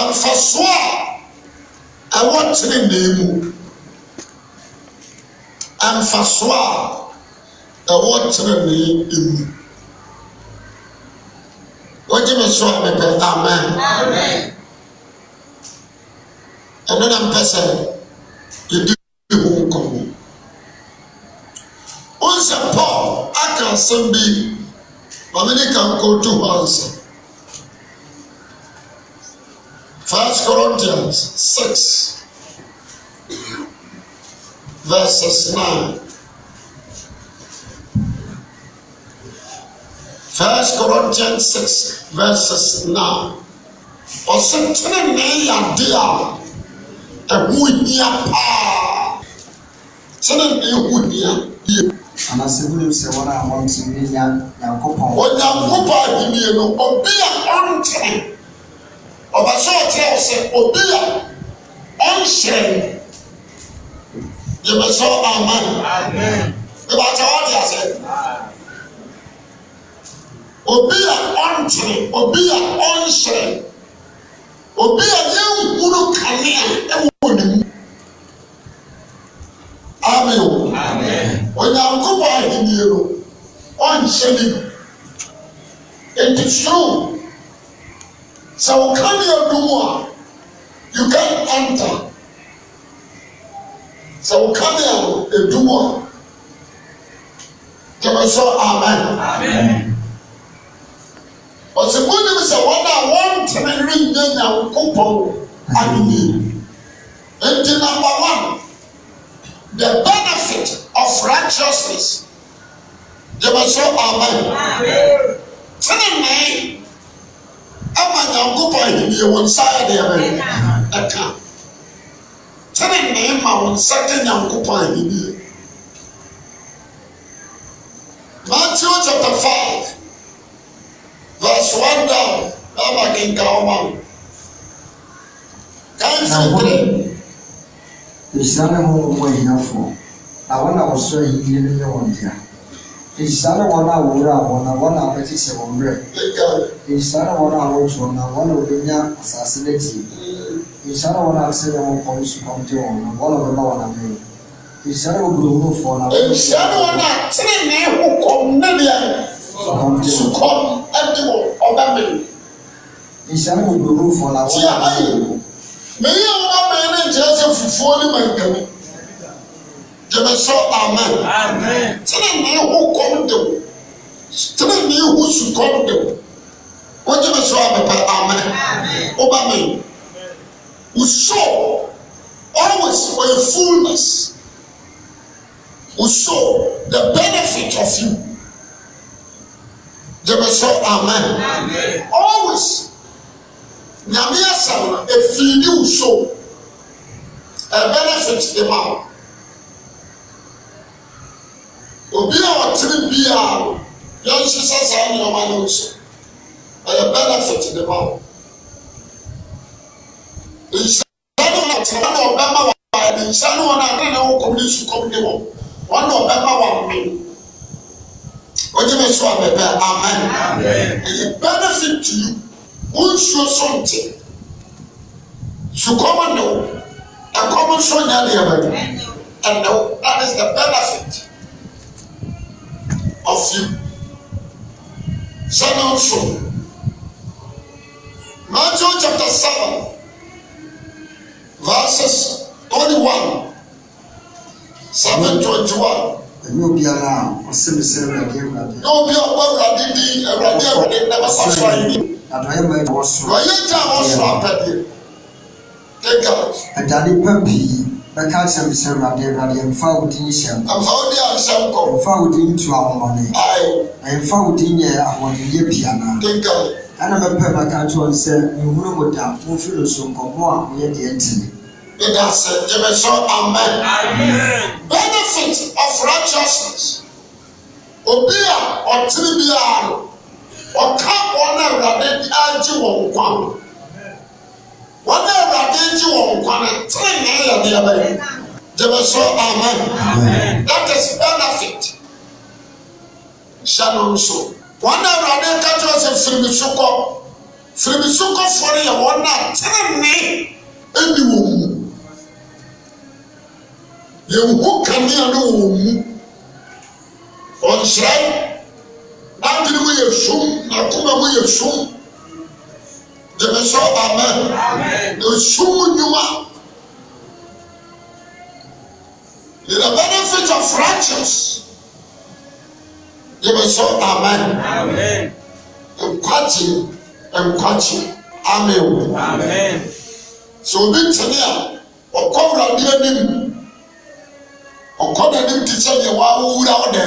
mfasoɔ a ɛwɔ tenenee mu mfasoɔ a ɛwɔ tenenee mu wogye me so a mepɛ amen ɛno na mpɛ sɛ yɛdi ho nkɔmmɔ wonsɛ paul aka asɛm bi ma mene ka nkɔto hɔ ansa First Corinthians 6, verses 9. First Corinthians 6, verses 9. Ɔsɛ tene ne yɛ ade a ɛho nia paa. Tene ne ho nia yie. Anase wuli sɛ wɔn a wɔn ti nya nyankopɔn. Wɔn nyankopɔn a yi nie no, obi a ɔntene ọba sọ ọkyerɛ wo sɛ obi a ɔnhyerɛn yɛbɛsɔ aman ɛbɛkyɛ wɔde ase obi a ɔntere obi a ɔnhyerɛn obi a yɛnhunu kanea ɛwɔ ne mu amen o onyankopɔn ahenie no ɔnhyɛ ne mu nti soro sɛ wɔka ne adu mu a you can enter sɛ wɔka ne adu mu a gyama sɛ amen ɔsɛ monim sɛ wɔn a wɔntene renyɛ nyankopɔn adonye nti number one the benefit of righteousness gyama sɛ amen tenenee ama nyankopɔn ahenie wɔn nsa ayɛ deɛ bɛyɛ ɛka sɛne nnee ma wɔn nsa ka nyankopɔn ahenie Matthew chapter five verse one down ɛma kenka ɔma no kan firi tiri. Nhyira ne ho wɔn ahiafoɔ, na wɔn a wɔsɔ ahinie no yɛ wɔn dea. Isana wɔn a wɔwura wɔn na wɔn a wɔkyekyɛ wɔn werɛ. Isana wɔn a wɔtɔ na wɔn a wɔbɛnya asase n'akyi. Isana wɔn a wɔsɛ wɔn kɔn so kɔn te wɔn na wɔn a wɔbɛma wɔn amene. Isana wɔn burohunufoɔ na wɔn. Isana wɔn a tirinii ho kɔn ne deɛ so kɔn ɛde wɔn ɔbɛmene. Isana wɔn burohunufoɔ na wɔn a wɔbɛma wɔn amene. Mɛ yíyá wɔn amene ne nkyɛn sɛ fufuo ne mankani yɛbɛ sɛ amen tena ne ho kɔm de wo tena ne ho sukɔm de wo wogye me so a mepɛ amen woba me wosɔ always ɔyɛ fullness wosɔ the benefit of you yɛbɛ sɛ amen always nyame asɛm no ɛfiri ne wosɔ a benefit de ma obi a ɔtiri bia no yɛn hyehyɛ saa nneɛma no nso ɛyɛ benefit de ma wo nhyɛn no na ɔtena na ɔbɛma wa ɛde nhyɛn no wɔn a ne ne wo kɔm ne su kɔm ne wɔ wɔn na ɔbɛma wa mmiri wọ́n yẹ so abẹ́bẹ́ amen ẹ̀yẹ benefit to you wọ́n nsuo so nti sukọ́mọ́ ne wo ẹ̀kọ́mọ́ nso nyẹ́ deẹ̀ bẹ́ẹ̀ ẹ̀nẹ́wò that is the benefit of you sẹ́nà nso Matthew chapter seven verses twenty one seven twenty one. Ẹ̀yin obiara ọ̀sẹ̀ mi sẹ́ ẹ̀rọ̀dẹ̀ ẹ̀rọ̀dẹ̀. Ní obi ọ̀pọ̀ ẹ̀rọ̀dẹ̀ di ẹ̀rọ̀dẹ̀ ẹ̀rọ̀dẹ̀ ẹ̀rọ̀dẹ̀ sọ̀rọ̀ ayé. Àdàyẹ̀ mọ̀ ẹ̀jẹ̀ wọ́n sọ̀rọ̀. Ọ̀yẹ́ jẹ́ àwọn sọ̀rọ̀ apẹ̀dẹ̀. Take care. Ẹ̀dá nípa pìí bɛka kyerɛ sɛ awurade awurade mfa wo din hyɛm mfa wo din ahyɛm kɔ mfa wo din tu ahomɔne ɛmfa wo din yɛ ahoɔdeyɛ biana ɛna mɛpɛ bɛka kyerɛ wɔn sɛ mehunu mo da momfiri no so nkɔmmɔ a moyɛ deɛ ntini Deda sɛ gyebɛsɔ amen. Benefit of righteousness. Obi a ɔtiri bi a ɔka wɔn a awurade agye wɔn kwan wɔn a awurade gye wɔn kwane tenenee yɛ deɛ bɛyɛ gyebe so amen that is benefit hyɛ no nso wɔn a awurade ka kyerɛ sɛ firimiso kɔ firimiso kɔ fɔre yɛ wɔn a tenenee ɛni wɔn mu yɛn ho kanea no wɔn mu ɔnhyerɛ n'adiri mu yɛ sum n'akoma mu yɛ sum. Dèmí sọ amen. Èsù nyuma. In the benefit of righteous. Dèmí sọ amen. Nkwakye nkwakye amen. Sọ obi ntini a ọkọ wurade anim ọkọ n'anim ti sẹ yẹ wa wura ọdẹ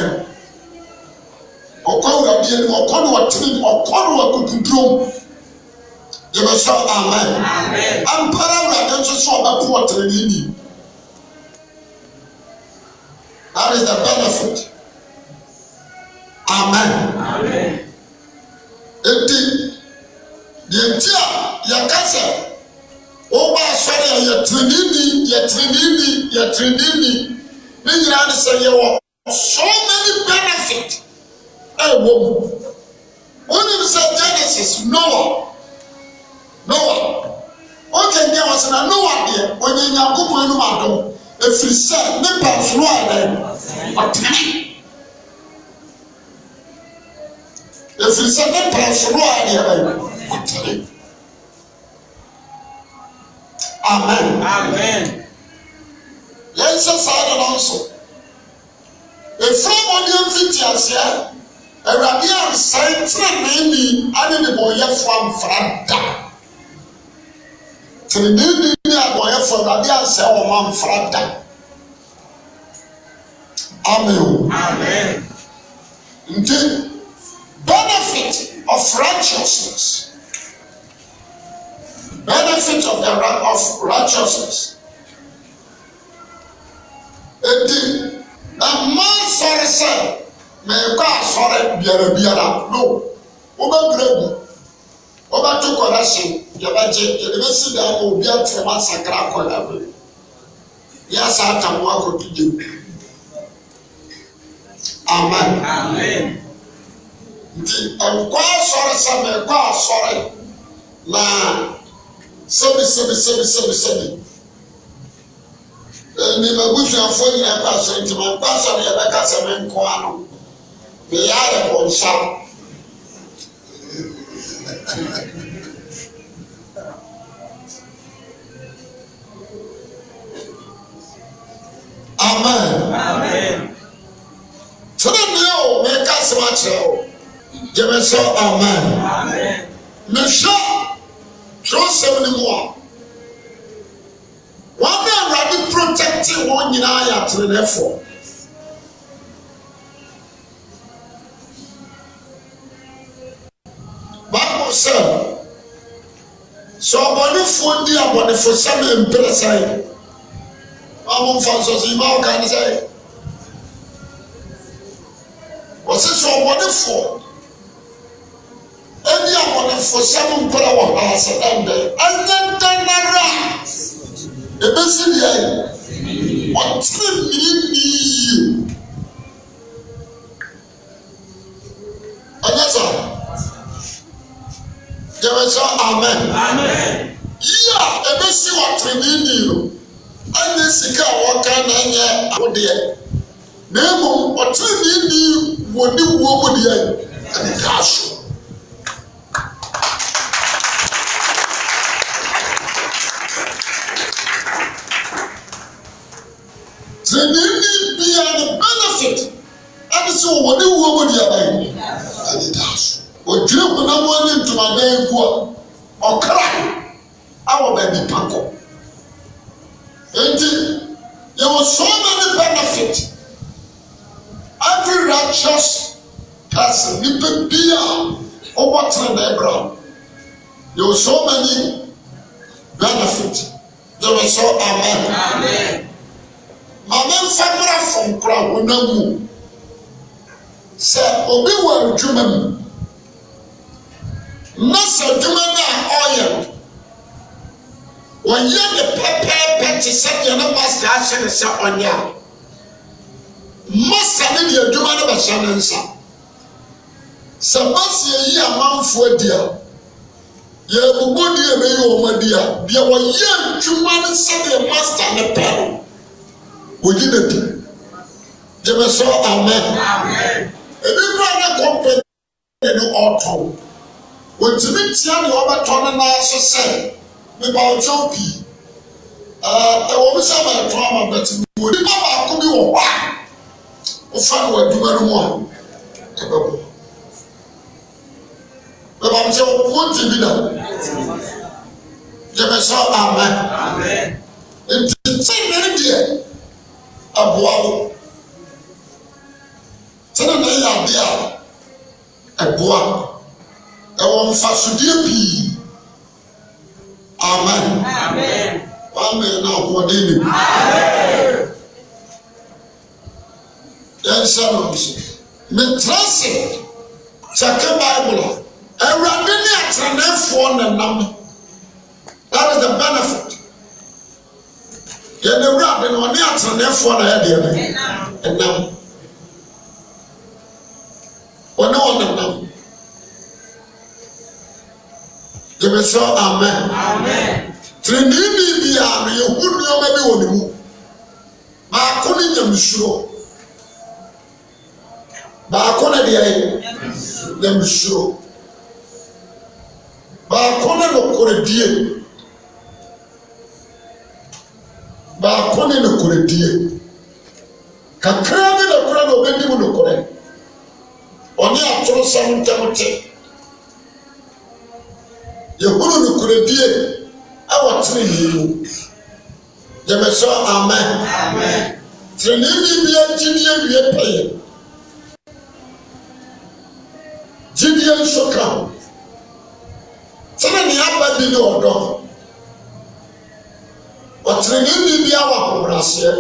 ọkọ wurade anim ọkọ na ọtiri ọkọ na ọkọ duduro mu yɛbɛ sɛ amen ampara awurade nso so ɔbɛpo ɔtɛnɛni ni that is the benefit amen eti deɛ nti a yɛka sɛ wɔba asɔre a yɛtɛnɛni yɛtɛnɛni yɛtɛnɛni ne nyinaa ne sɛ yɛwɔ so many benefit ɛwɔ mu wɔnim sɛ genesis noah noa oge ndị a wasị na noa deɛ onye nyankopɔn anum adum efiri sɛ ne pɛnsoro a ɛdɛ ɔtene efiri sɛ ne pɛnsoro a ɛdɛ ɛdɛ ɔtene amen amen yɛn sɛ saa de no nso efiri ɔmɔdé mfiti aseɛ awurade ansa ntina na ɛni ɛni bɔ yɛ fo amfra da tìrìdìdì ní àbọ̀yẹ̀fọ̀ ìdàdí àṣẹ wọn máa ń fara dà amẹ o nti benefit of righteousness benefit of the of righteousness eti ẹ̀ma sọ̀rọ̀ sẹ̀ mẹ̀ẹ́kọ́ àsọ̀rọ̀ biara biara no wọ́n bẹ̀ bẹ̀rẹ̀ gùn wɔbɛto kɔlɛkyin yɛbɛgye yɛde bɛsi dan ma obi atɛm asakra akɔla abiri yasa atamu akɔto gye mu amen nti nkɔ asɔre sɛbi nkɔ asɔre na sɛbi sɛbi sɛbi sɛbi sɛbi nnima busuafoɔ nyinaa kɔ asɔre nti ma nkɔ asɔre yɛbɛka sɛ mi nkɔ ano meyɛ ayɛ bɔ nsam. gyeme sɛ amen mehwɛ twerɛsɛm no mu a wɔn a awurade protecte wɔn nyinaa yɛ atenenɛfoɔ bible sɛ sɛ ɔbɔnefoɔ di abɔnefo sɛm mpere sɛe a momfa nsɔso yi ma woka ne sɛe wɔse sɛ ɔbɔnefoɔ ɔde fosɛm nkɔla wɔ ha sɛ ɛndɛ ɛnyɛ dɛnara ebesi deɛ wɔtiri nii nii yie ɛnyɛ sɛ yɛbɛ sɛ amen yie a ebesi wɔtiri nii nii no ɛnyɛ sika a wɔka na ɛnyɛ ahodeɛ na emu wɔtiri nii nii wɔ ne wuo mu deɛ ɛde daa so. tirinini bia ne benefit ɛde sɛ wɔn ne wuo mu deɛ bɛyɛ ɛde daa so odwiri honam ne ntomadan nko a ɔkra awɔ baabi pankɔ nti yɛwɔ so many benefit every righteous person nipa bia ɔwɔ tirinai bra yɛwɔ so many benefit yɛwɔ so amen. amen maame nfa mmara fam kora honam mu sɛ obi wɔ adwuma mu na sɛ adwuma no a ɔyɛ wɔyɛ ne pɛpɛɛpɛ te sɛ deɛ ne masta ahyɛ ne sɛ ɔnyɛ a masta ne deɛ adwuma no bɛhyɛ ne nsa sɛ masta yi amanfoɔ di a yɛbubu deɛ ɛbɛyi wɔn adi a deɛ wɔyɛ adwuma no sɛdeɛ masta ne pɛ no wògyi na di gyeme sọ amẹ ebi kura ne kọmpa ne ne ọtọ wotumi tia ne ọbɛtɔ ne nan so sɛ nipa ɔtɔ pii ɛɛ ɛwɔ bi sɛ ɛbɛ tɔ ama bɛti mu wɔ nipa baako bi wɔ hɔ a wofa no wɔ adwuma no mu a ɛbɛbɔ bɛba mo sɛ wɔn ti bi na gyeme sọ amẹ nti sɛ ne deɛ aboa wo sɛne na ɛyɛ adeɛ a ɛboa ɛwɔ mfasodeɛ pii amen Amen. na ahoɔden ne mu yɛnhyɛ no nso metra se kyɛke bible a awurade ne atenanefoɔ ne nam that is the benefit yɛn ewura adi na ɔne atenefoɔ na yɛ deɛ ne ɛnam ɔne ɔnam nam yɛbɛ sɛ amen tirinini bi a no yɛhu nneɛma bi wɔ ne mu baako ne nyamsuro baako ne deɛ yɛ nyamsuro baako ne nokoredie. baako ne nokoredie kakra ne nokora na ɔbɛdi mu nokorɛ ɔne atorosɛm ntɛm te yɛhunu nokoredie ɛwɔ tenenee mu gyeme sɛ amen tenenee bi agyini awie pɛyɛ gyidie nso ka ho tenenee aba bi ne ɔdɔ ɔtenenee bi biara wɔ ahobrɛaseɛ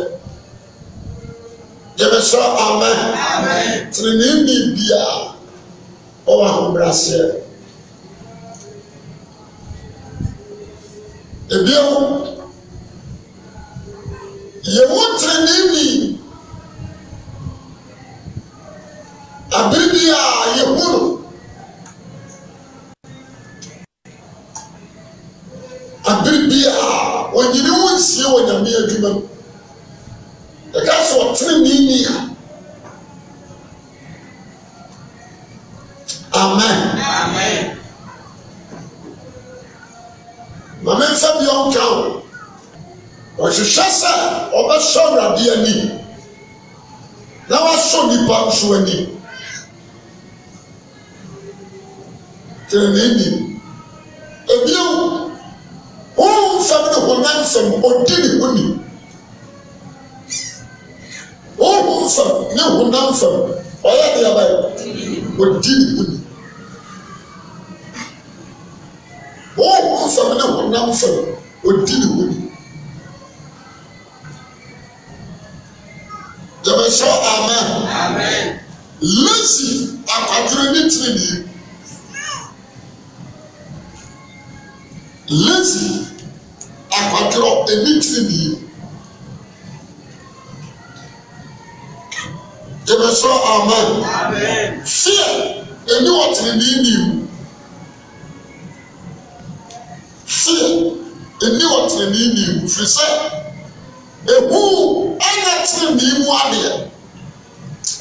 yɛbɛsɛ amen tenenee bi biara ɔwɔ ahobrɛaseɛ ebien yɛwɔ tenenee bi abiri bi a yɛhu no. abiri bia wɔnyini wo nsie wɔ nyame adwuma mu ɛka sɛ ɔtene ne ni a amen mame mfa bi ɔnka wo ɔhwehwɛ sɛ ɔbɛsɔ awurade anim na wasɔ nnipa nso anim tene ne nim nyansɛm ɔdi ne ho ni honhom fam ne honam fam ɔyɛ deɛ bɛyɛ ɔdi ne ho ni honhom fam ne honam fam ɔdi ne ho ni yɛbɛhyɛ amen lesi akwadoro ne tirinii lesi akwadworɔ ani tiri nie ebi sɔ amen fear ani ɔtiri nii nii fear ani ɔtiri nii nii fi sɛ ehu ɛna tiri nii mu adeɛ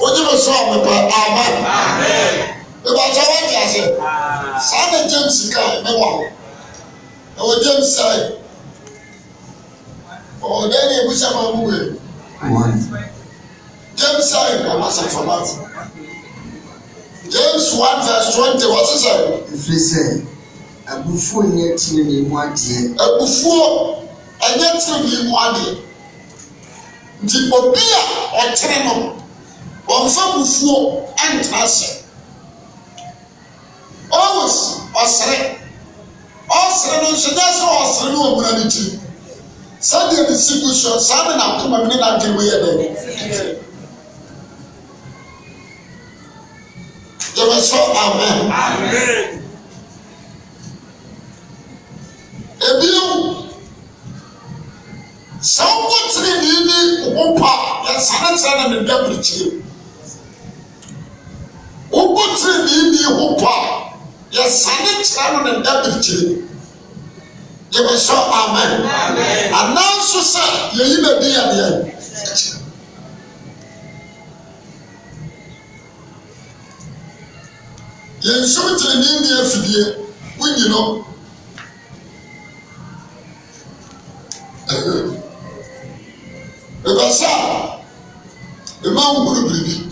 onye bi sɔ amen pa amen ebi atwa wɔn ti ase saa na james kaa ɛwɔ ɛwɔ james saa yi ọ̀dẹ́ ni ebusa máa mú wẹ̀ James ayi kama sẹ fama fún James one verse twenty wọ́n ti sẹ. efi sẹ abufuo nyɛ tiri ni mu adeɛ. abufuo ɛnyɛ tiri ni mu adeɛ nti obi a ɔtiri no wɔnfa abufuo ɛntena sɛ always ɔsere ɔsere no nso nyɛ sɛ ɔsere no wɔ mu na ne tiri sɛdeɛ de si gu soɔ saa ne nakoma mu ne nadwene mu yɛ dɛ yɛbɛ sɛ amen ebio sɛ wobɔ tenenee ne wo pa yɛsane kyerɛ ne ne da birikyire wobɔ tenenee ne wo pa yɛsane kyerɛ no ne da birikyire yɛbɛ sɔ amen ananso sɛ yɛyi na di yadeɛ yɛn nso tiri ne nni afidie wonyi no ɛbɛ sɛ ɛma nhuru biribi.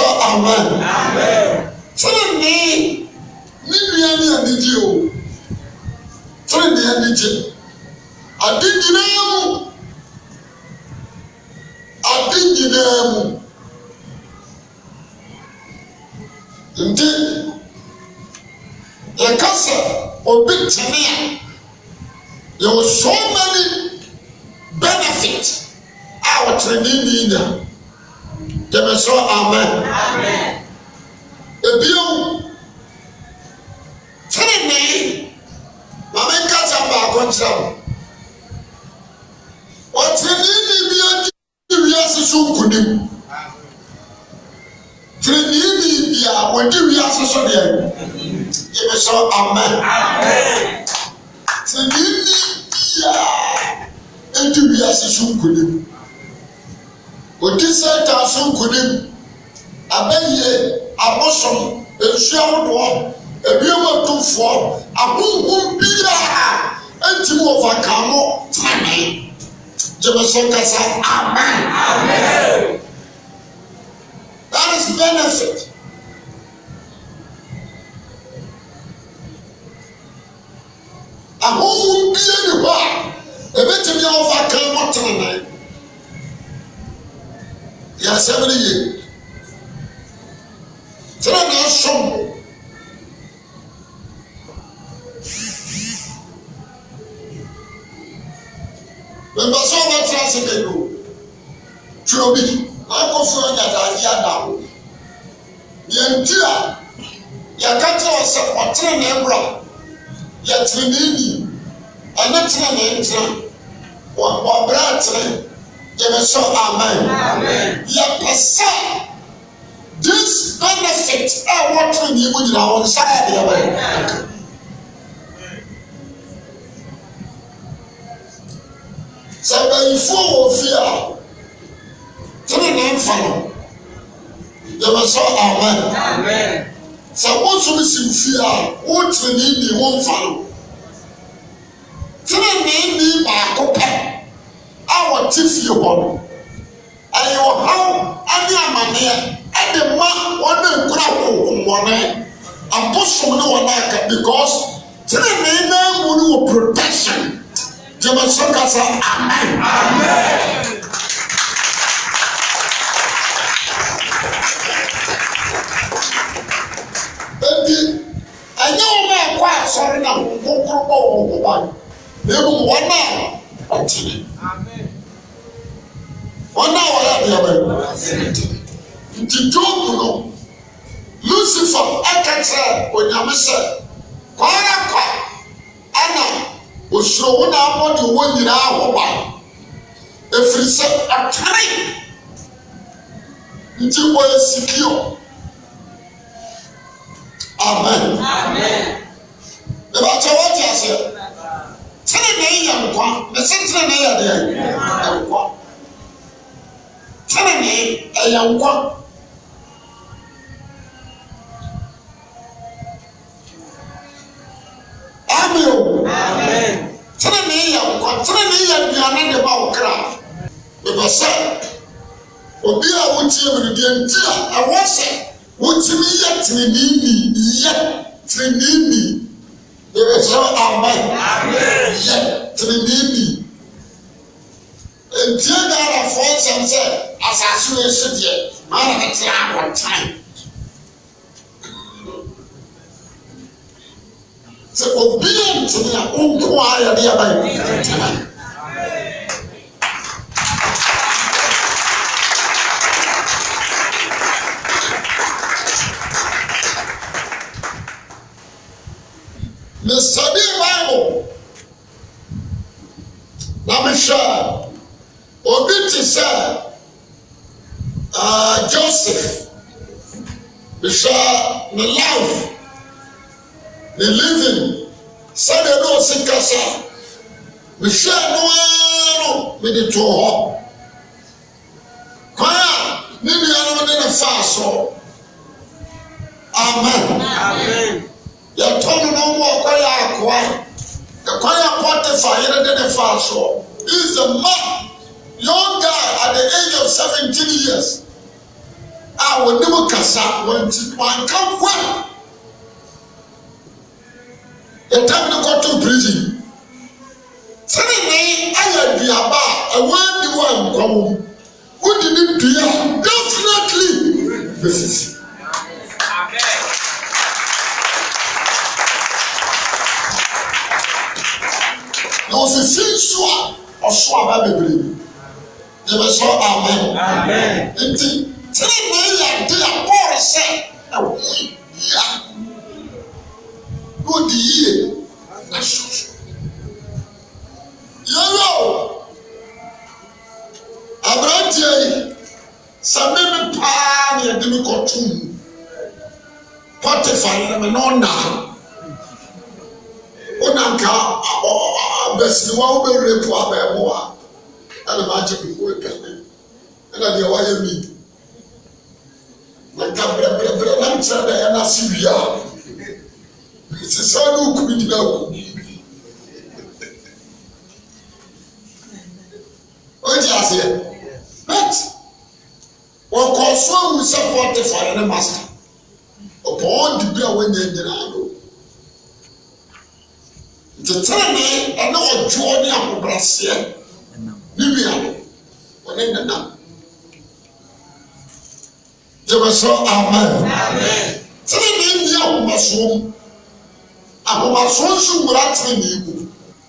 sɛ amen sɛnɛ nee ne nua ne anigye o sɛnɛ ne anigye ade nyinaa mu ade nyinaa mu nti yɛka sɛ obi tene a yɛwɔ so many benefits a wɔtene ne nyinaa dèmè sọ amen ebien tẹnɛ nìyí maame nkasa baako kyerɛ o ɔtẹni ni bi adi wiase so nkunim tẹni ni bi a ɔdi wiase so deɛ dèmè sọ amen tẹni ah, ni bi a adi wiase so nkunim ɔdi satan so nkonim abɛyie abosom nsu ahodoɔ ewiem atumfoɔ ahohom biara ntumi wɔfa kan mo tɛnɛn gyebɛsɛ kasa amen that is benefit. ahohom bie ni hɔ a ebetumi ahofa kan mo tɛnɛn yasɛm no yie tena na asom mbɛ sɛ ɔbɛtena ase bɛdo twerɛ bi akɔfoɔ nyadaade ada wo yɛnti a yɛka kyerɛ sɛ ɔtena na ɛbra yɛtene ne ni ɛne tena na ɛntena ɔbrɛ atene yɛbɛ amen yɛpɛ sɛ this benefit a wɔtɔ ni mu nyinaa wɔn nsa yɛ deɛ bɛ sɛ bɛyifoɔ wɔ fie a tene ne nfa no yɛbɛ amen sɛ wɔnso bi si fie a wɔn tene ne ni wɔn nfa no tene ne ni baako pɛ a wɔte fie hɔ no ɛyɛ ɔhaw ne amaneɛ ɛde ma wɔn a nkura ahohommɔne abosom ne wɔn aka because tenenee nan mu no wɔ protection gyama so kasa amen. amen. eti ɛnyɛ wɔn a ɛkɔ asɔre na wɔn nkonkoro bɔ wɔn ho ban na emu wɔn a ɔtene wọn náà wọ yà ni yàrá yìí nti jóòbù no lucifer ẹka kyerẹ onyame sẹ kọọrọ kọ ẹna osoro wọn náà bọ de wọn nyinaa wọ ba efiri sẹ atwere nti wọ esikio amen ìbàtà wọn ti àṣẹ tẹnɛ nìyẹn nkwa ẹsẹ tẹnɛ nìyẹn nkwa tenenee ɛyɛ nkwa ami o tenenee yɛ nkwa tenenee yɛ nnuane de ba okra bɛbɛ sɛ obi a wotie mu no deɛ nti a ɛwɔ sɛ wotumi yɛ teneneeni yɛ teneneeni bɛbɛ sɛ amen yɛ teneneeni ntie gaarafoɔ nsɛm sɛ asase wei so deɛ maa na bɛte abɔntan sɛ obi a ntumi a wonko a yɛde yɛba yɛntena mesɛde bible na mehwɛ obi te sɛ ah, joseph hwɛ ne life ne living sɛdeɛ ne ɔsi kasa mehwɛ no ara no mede too hɔ kwan a ne nuanom de ne faa so amen yɛtɔ no no mu ɔkɔyɛ akoa ɛkwan a pɔtefa yere de ne faa so is the man young guy at the age of seventeen years a wɔne mu kasa wɔn ti wɔn ka well ɛtam ne kɔtɔ prison tenenee ayɛ aduaba a ɛwɔ aniwa nkɔm wodi ne dua definitely besisi. na ɔsisi nso a ɔso aba bebree yɛbɛ sɔ amen nti tiri na yɛ ade a paul sɛ ɛwɔ yia na odi yie na soso yɛyɛ o aberanteɛ yi sami mi paa na yɛde mi kɔ tum pɔtifa yɛ mi na ɔna ɔna nka abɛsiwa ɔbɛ repu abɛɛmoa ɛna maakye kuku kɛse ɛna deɛ wayɛ mi na nka brɛbrɛbrɛ na nkyerɛ dɛ ɛna si wia sisan ne okuru gyina ko ɔgye aseɛ bet wɔkɔ so awu sɛ pɔtifare ne masa ɔpɔn dibi a wɔnyɛ nyinaa no ntetere ne ɛne ɔdwoɔ ne ahobraseɛ. Libya, no ɔne nana yɛbɛ sɛ amen tenenee nni ahomasoɔ mu ahomasoɔ nso mmara tenenee mu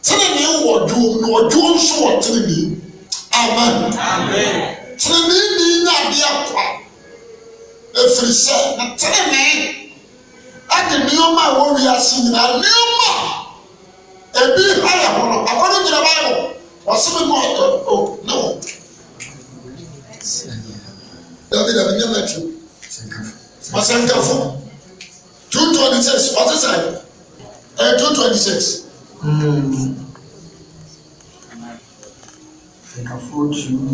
tenenee wɔ dwom na ɔdwom nso wɔ tenenee amen tenenee ni nyɛ adeɛ kwa ɛfiri sɛ na tenenee ade nneɛma a wɔwiase nyinaa nneɛma ebi ha yɛ hɔ no akɔno gyina baibul ɔsɛbɛ mu ɔtɔ o ne wo dabi dabi nyɛ mɛtu ɔsɛnkafo two twenty six ɔte sɛ ɛyɛ two twenty six. Ɛkafo two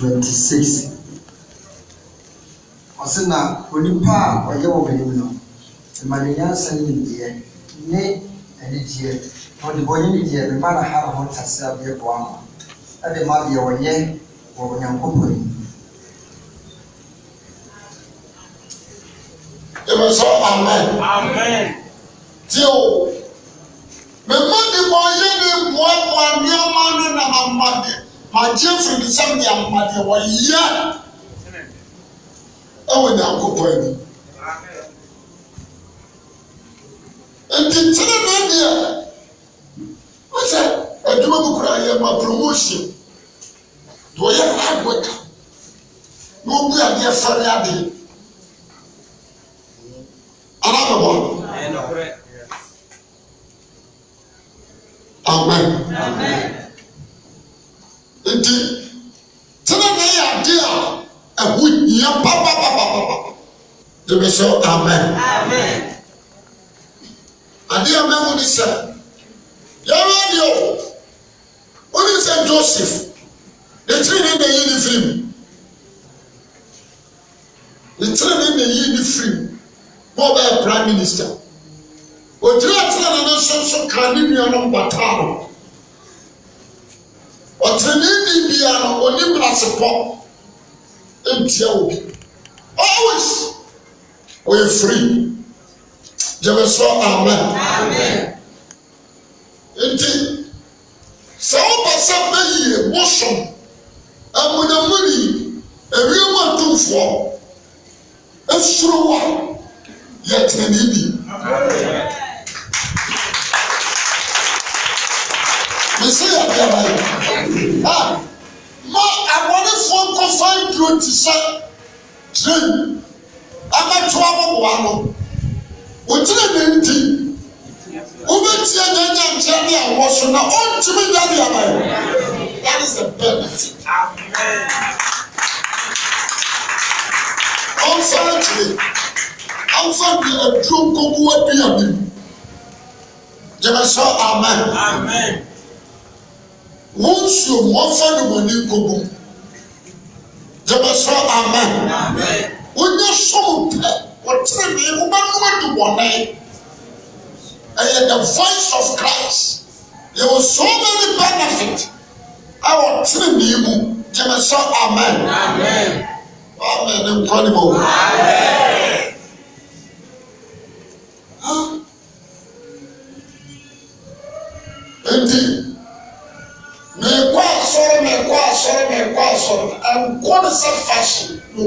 twenty six ɔsɛ na onipa a ɔyɛ wɔ bɛnim no mmanenyansa ne nimdeɛ ne anigyeɛ ɔde bɔnyɛ ne deɛ ne mma na ha na ho ntase abeɛ boa ma ɛde ma deɛ ɔyɛ wɔ onyankopɔn yi yɛmɛ sɛ amen amen tie o mɛma de bɔnyɛ ne boaboa nneɛma no na amadeɛ magye firi ne sɛm de amadeɛ wɔyɛ ɛwɔ nyankopɔn ni nti tene ne deɛ ɔsɛ adwuma mu kura yɛ ma promotion deɛ ɔyɛ hard work na obu adeɛ fɛrɛ adeɛ ara bɛ bɔ amen nti tena na yɛ adeɛ a ɛho hia papapapapa de bɛ sɛ amen adeɛ a mɛmu ne sɛ yàrá ni o wọ́n ní sẹ́ Joseph ne tiri ne na yi ne firi mu ne tiri ne na yi ne firi mu ma ɔbɛyɛ prime minister ogyina tiri ne ne nso nso kaa ne nua no mbata no ɔtiri ne ni bia no oni brase pɔ ntia obi always oyɛ free jɛbɛsɔ amen. amen nti sɛ woba sɛ bɛyie bosom amunamuni ewiem atumfoɔ esuro wa yɛ tẹnani bi mesi yɛ biaba yi a ma awɔrefoɔ nkɔfa nduro ti sɛ tren abɛto aboboa no wogyina ne nti wobɛtia nyanya nkyerɛ ne awɔ so na ɔntumi nya ne ama yɛ that is the benefit ɔmfa akyire amfa de aduro nkokowa bi anim gyeme sɛ amen wɔn nsuo mu ɔmfa ne wɔn ani nkokow gyeme sɛ amen wonya som pɛ wɔtene ne wobɛnoma de wɔn nan ɛyɛ the voice of Christ yɛwɔ so many benefit ɛwɔ tirinii mu gyeme sɛ amen amen ne nkura ne ma o nti mekɔ asɔre mekɔ asɔre mekɔ asɔre nkɔ ne sɛ fashion no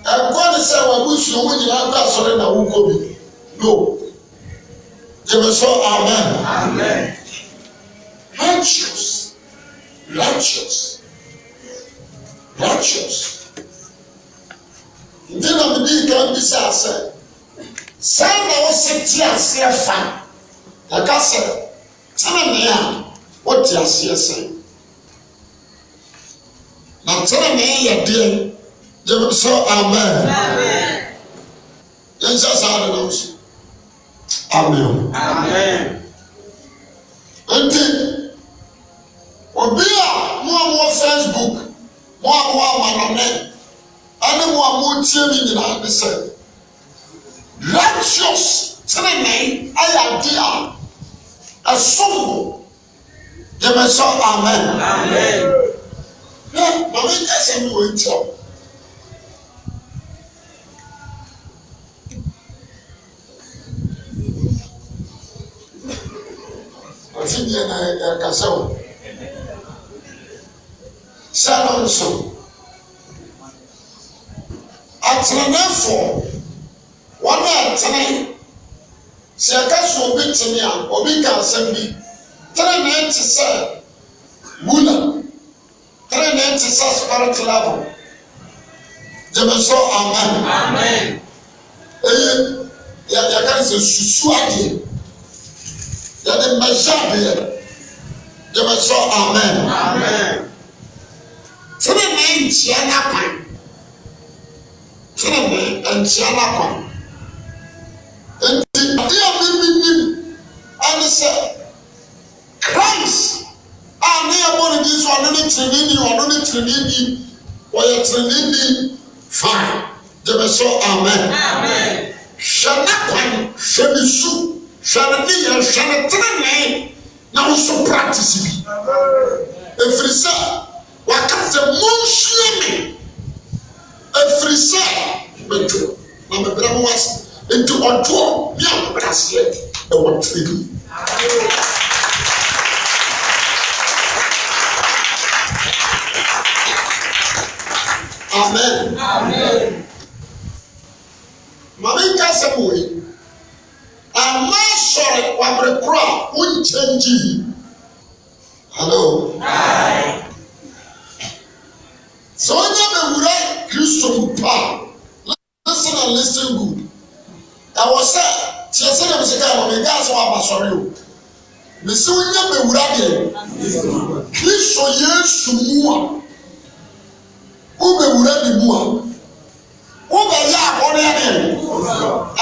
nkɔ ne sɛ wabusuamu nyinaa kɔ asɔre na wokɔ bi no. Jẹ́mi sọ amen. Amen. Righteous, righteous, righteous. Nti na mi di nkan bi sẹ asẹ. Sáà na ọsẹ ti aseɛ fa. Yaka sɛ tẹnɛnee a ɔte aseɛ sɛ. Na tẹnɛnee yɛ deɛ. Jẹ́mi sọ amen. Yẹn nhyɛ saa de na o amen. amen. nti obi a mo a mo facebook mo a mo amanane ɛne mo a mo tie mi nyinaa ne sɛ righteous tenenee ɛyɛ ade a ɛsom bo yɛmɛ sɛ amen. amen. na maame nkyɛn sɛ mi wɔ nkyɛn. ɔsi deɛ na yɛkasa wo sɛno nso atenanefo wɔn a tene sɛ yɛka so obi tene a obi ka asɛm bi tenenee te sɛ wula tenenee te sɛ spirit level gyeme so amen eyi yɛka sɛ susu adeɛ yɛde mmɛhyɛ adeɛ yɛbɛ sɔ amen tene ne nkyia n'akwan tene ne nkyia n'akwan nti adeɛ a mímu nim ɛne sɛ christ a ne yɛ bɔ ne di so ɔno ne tirinini ɔno ne tirinini wɔyɛ tirinini fine yɛbɛ sɔ amen hwɛ n'akwan hwɛ ne su hwɛre ne yɛ hwɛre tenenee na woso practice bi ɛfiri sɛ waka sɛ monsua me ɛfiri sɛ mɛdwo na mebrɛ mo wase nti ɔdwoɔ ne akodaseɛ ɛwɔ tireni amen Amen. nka sɛ mo wei ama sɔre wabere koro a wonkyɛn gyi hello sɛ wonya mewura kristo mu pa listen and listen good ɛwɔ sɛ tiɛ sɛ na mesika ɛwɔ me nyaa sɛ waba sɔre o mesi wonya mewura deɛ kristo yesu mu a wobɛwura ne mu a wobɛyɛ abɔne ɛne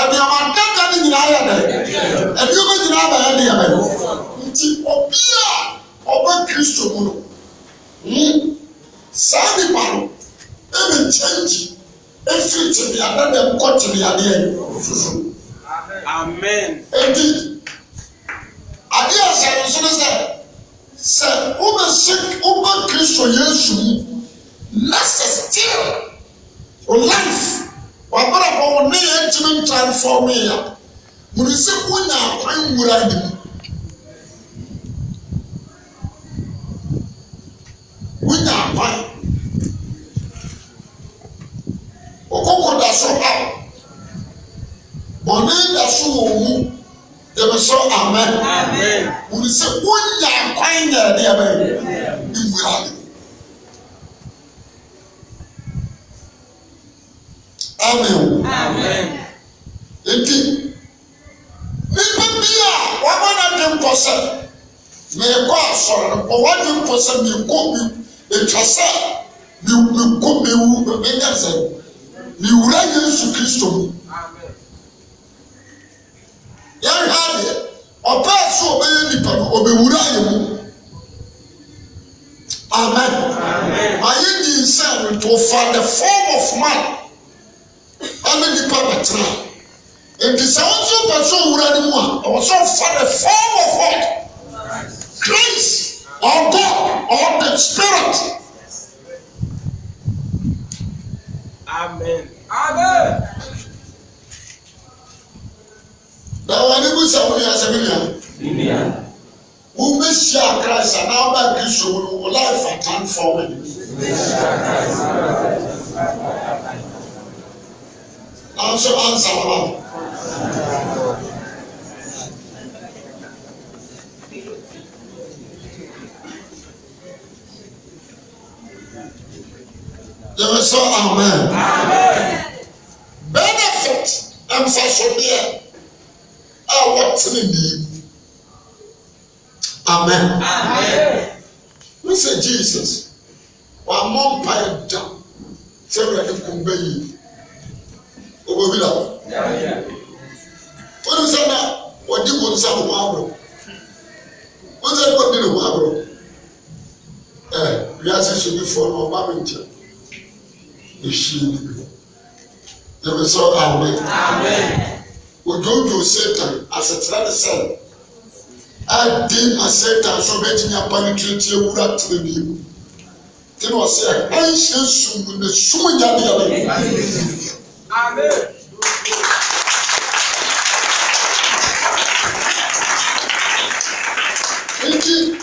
ɛneɛma dada ne nyinaa yɛ dɛ ɛneɛma nyinaa bɛyɛ ne yɛbɛ nti ɔbia ɔbɛ kristo mu no hmm? saa nipa no ɛbɛ kyɛngyi ɛfiri teneada dɛm kɔ teneadeɛ fufu amen enti adeɛ ɛsɛre nso ne sɛ sɛ wobɛsɛ wobɛ kristo yesu mu na sɛ still o life wabere bɔ wo ne yɛ ntumi transform yɛ mune sɛ wonya akwan nwura ne mu wonya akwan wokoko da so a bɔne da so wɔ mu yɛbɛ sɛ amen mune sɛ wonya akwan nyɛ ne yɛbɛ nwura ne mu amen o eti nipa bi a wama na di nkɔ sɛ mɛkɔ asɔrɔ no wɔ wadi nkɔ sɛ mɛkɔ mi etwa sɛ mi mɛkɔ mɛwu mɛnya sɛ mɛwura yesu kristo mu yɛhwɛ adeɛ ɔbɛ so ɔbɛyɛ nipa no ɔbɛwura yɛ mu amen ayé nyinsɛn to for the form of man ɛne nipa bɛtena nti sɛ wɔn nso pɛ so owura ne mu a ɛwɔ sɛ ɔfa the form of what Christ or God or the spirit. Amen. Amen. na wɔn ani bu sɛ wɔn yɛ asɛm nia. Christ a náà bá Kristo wọ́n wọ́n láì fà a Christ Answer, ansa wala o. yẹn sọ amen. benefit nfasodeɛ a wɔtene nii amen. wọ́n sẹ́ jesus wàá mọ̀ mpa ẹ̀ dá sẹ́wọ́n ẹ̀ kò ń bẹ́ yìí obi la wo wọn sẹ na wọdi wọn nsa wọn agorɔ wọn sẹ wọn di ne wọn agorɔ ɛ wiase so bi fɔ na ɔba mi nkyɛn ehyia ni bi yɛbɛ sɛ awɛ odoodo setan asetena ne sɛ adi asetan so bɛtumi apa ne tuntun ewura tena ne mu tena ɔsɛ ɛnhyɛ sum ne sum nyadeɛ bɛ nti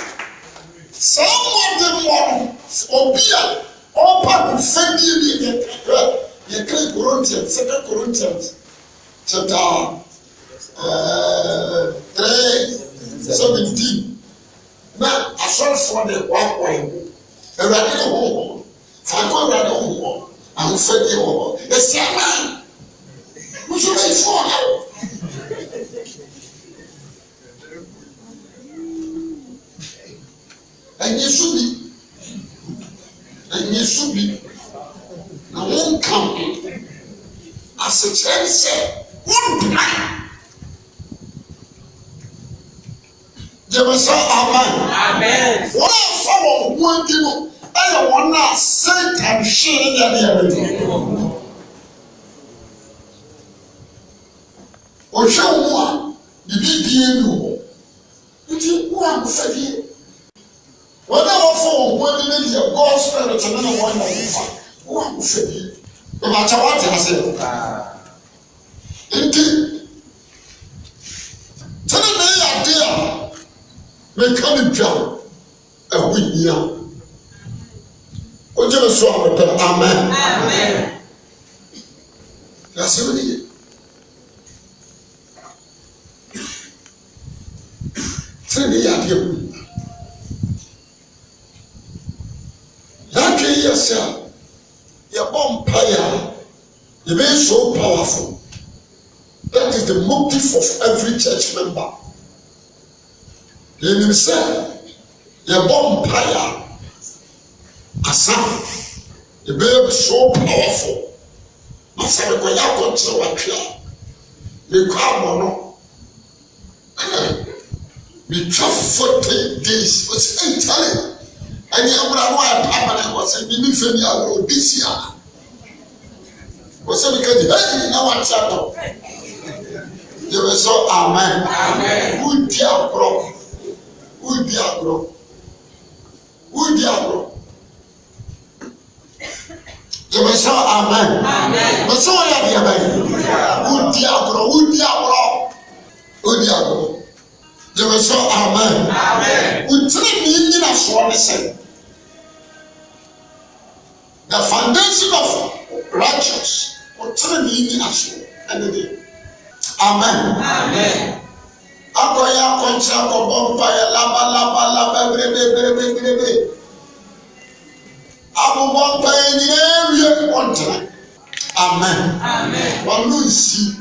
saa mmɔden wɔ no obi a ɔba kufadie bi yɛkɛhwɛ yɛkɛ corinthians second corinthians chapter ɛɛ uh, three seventeen na asɔrfoɔ de wɔakɔe awurade ne ho wɔ faako awurade ho wɔ ahofadie wɔ hɔ esi ama musu bɛ fɔ ha o. ɛnyɛ so bi ɛnyɛ so bi na wɔn ka ho asekyerɛ sɛ wɔn pina jɛbɛ sɛ amen wɔn a fa wɔn ho adi no ɛyɛ wɔn a satan hyɛn ne deɛ deɛ bɛ do. ɔhwɛ wo ho a biribi bie ni wɔ nti wo a wofɛdeɛ wɔn a wɔfɔ wɔn ho ani ne deɛ god spirit ne ne wɔn na wɔfa wo a wofɛdeɛ ɛbɛkyɛ wɔate ase nti tene ne yɛ ade a meka ne dwa ɛho nyia wogye me so a mepɛ amen yɛasɛm ne yɛ sɛne yɛ adeɛ mu yɛatwe yɛ a yɛbɔ mpaeɛ a yɛbɛyɛ so powerful that is the motive of every church member yɛnim sɛ yɛbɔ mpaeɛ a asa yɛbɛyɛ so powerful na sɛ mekɔyɛ akɔnkyerɛ watwe a mekɔ abɔ no metwa fourteen days o si ɛnkyɛre ɛni abura no ayɛ paapana ɛwɔ sɛ mi ni fɛn mi awɔ odi si a o sɛ mi ka di ɛyi na wa ti atɔ yɛrɛ sɔ amen o di agorɔ o di agorɔ o di agorɔ yɛrɛ sɔ amen mɛ sɛ wɔyɛ deɛ bɛyɛ o di agorɔ o di agorɔ o di agorɔ yɛbɛ sɛ amen ntiri ni nyina soɔ ne sɛ the foundation of righteous ntiri ni nyina soɔ ɛne de amen akɔyɛ akɔnkyɛ akɔbɔ mpaeɛ laba laba laba berebeberebebe abobɔ mpaeɛ nyinaa wie wɔntena amen wɔn no nsi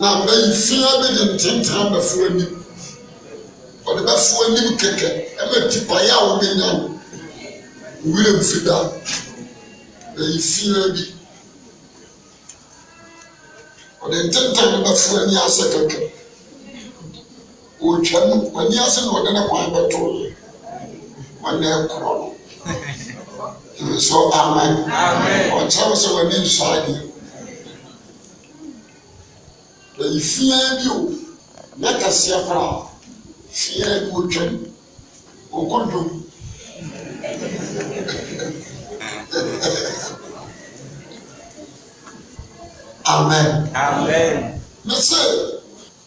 na mbɛyi fia bi de ntentena bɛfo anim ɔde bɛfo anim kɛkɛ ɛma tipayɛ a wode nya no werɛ mfi da ɛyi fiaa bi ɔde ntentan no bɛfo ani asɛ kɛkɛ ɔtwa no ani ase na ɔde ne kwan bɛtoo yɛ wɔne ɛkorɔ no ɛfiri so amen ɔkyerɛw sɛ wɔne nsɔ adeɛ ɛyi fiaa bi o na kɛseɛ koraa fie na otwam okɔ dom amen. amen. mese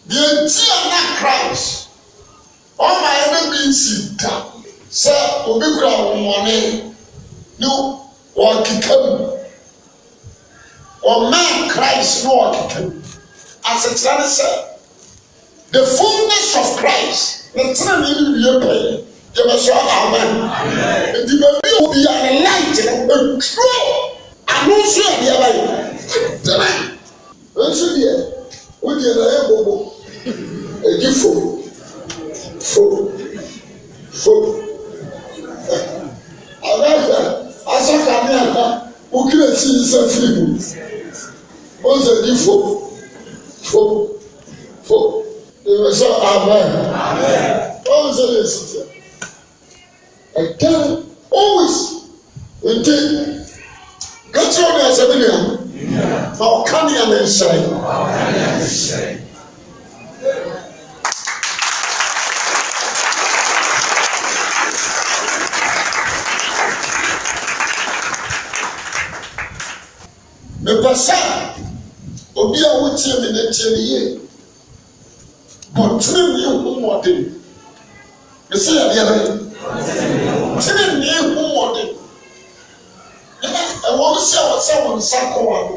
deɛ nti a na christ ɔma yɛ na bi nsi da sɛ obi kura ahomɔne ne wɔkeka mu ɔmaa christ ne wɔkeka mu asekyerɛ ne sɛ the fullness of Christ ne tena ne ne wie pɛɛ yɛbɛsɔ amen nti baabi a obi a ne light no ɛturo ano nso yɛ deɛ bɛyɛ tena nso deɛ wodeɛ na yɛ bobo ɛdi fo fo fo abɛɛfɛ asɔ kanea ka wokiri esi nsa firi mu wɔn sɛ di fo fo Ìwé sọ amen. Báwo ṣe lè sọ sí ẹ? Ẹ̀dá always nti kẹ́tí ọ̀nà ẹ̀sẹ̀ mi nìyà na ọ̀ka ni ẹ̀ ní nsẹ̀rẹ̀. Mepɛ sɛ obi a wotie me na tie me yie bɔtene ne ho mmɔden ɛsɛ yɛdeɛ bɛ tene ne ho mmɔden ɛwɔ m sɛ wɔsɛ wo nsa kɔwa no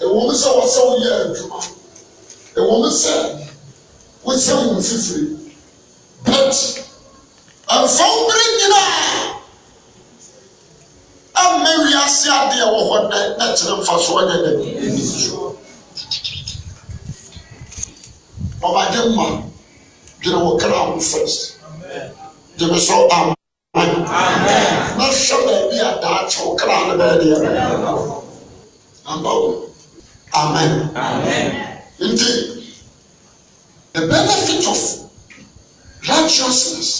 ɛwɔ m sɛ wɔsɛ woyɛ adwuma ɛwɔ m sɛ wosɛ wo mfifiri but ɛmfa wo bere nyinaa amma wiase adeɛ wɔ hɔ nnɛ na kyerɛ mfa soɔ nyɛ dɛ ɔbagye ma dwene wɔ kra ho first gyeme so am na hwɛ baabi a daakyɛw kra no bɛɛdeɛ amba wo amen nti the benefit of righteousness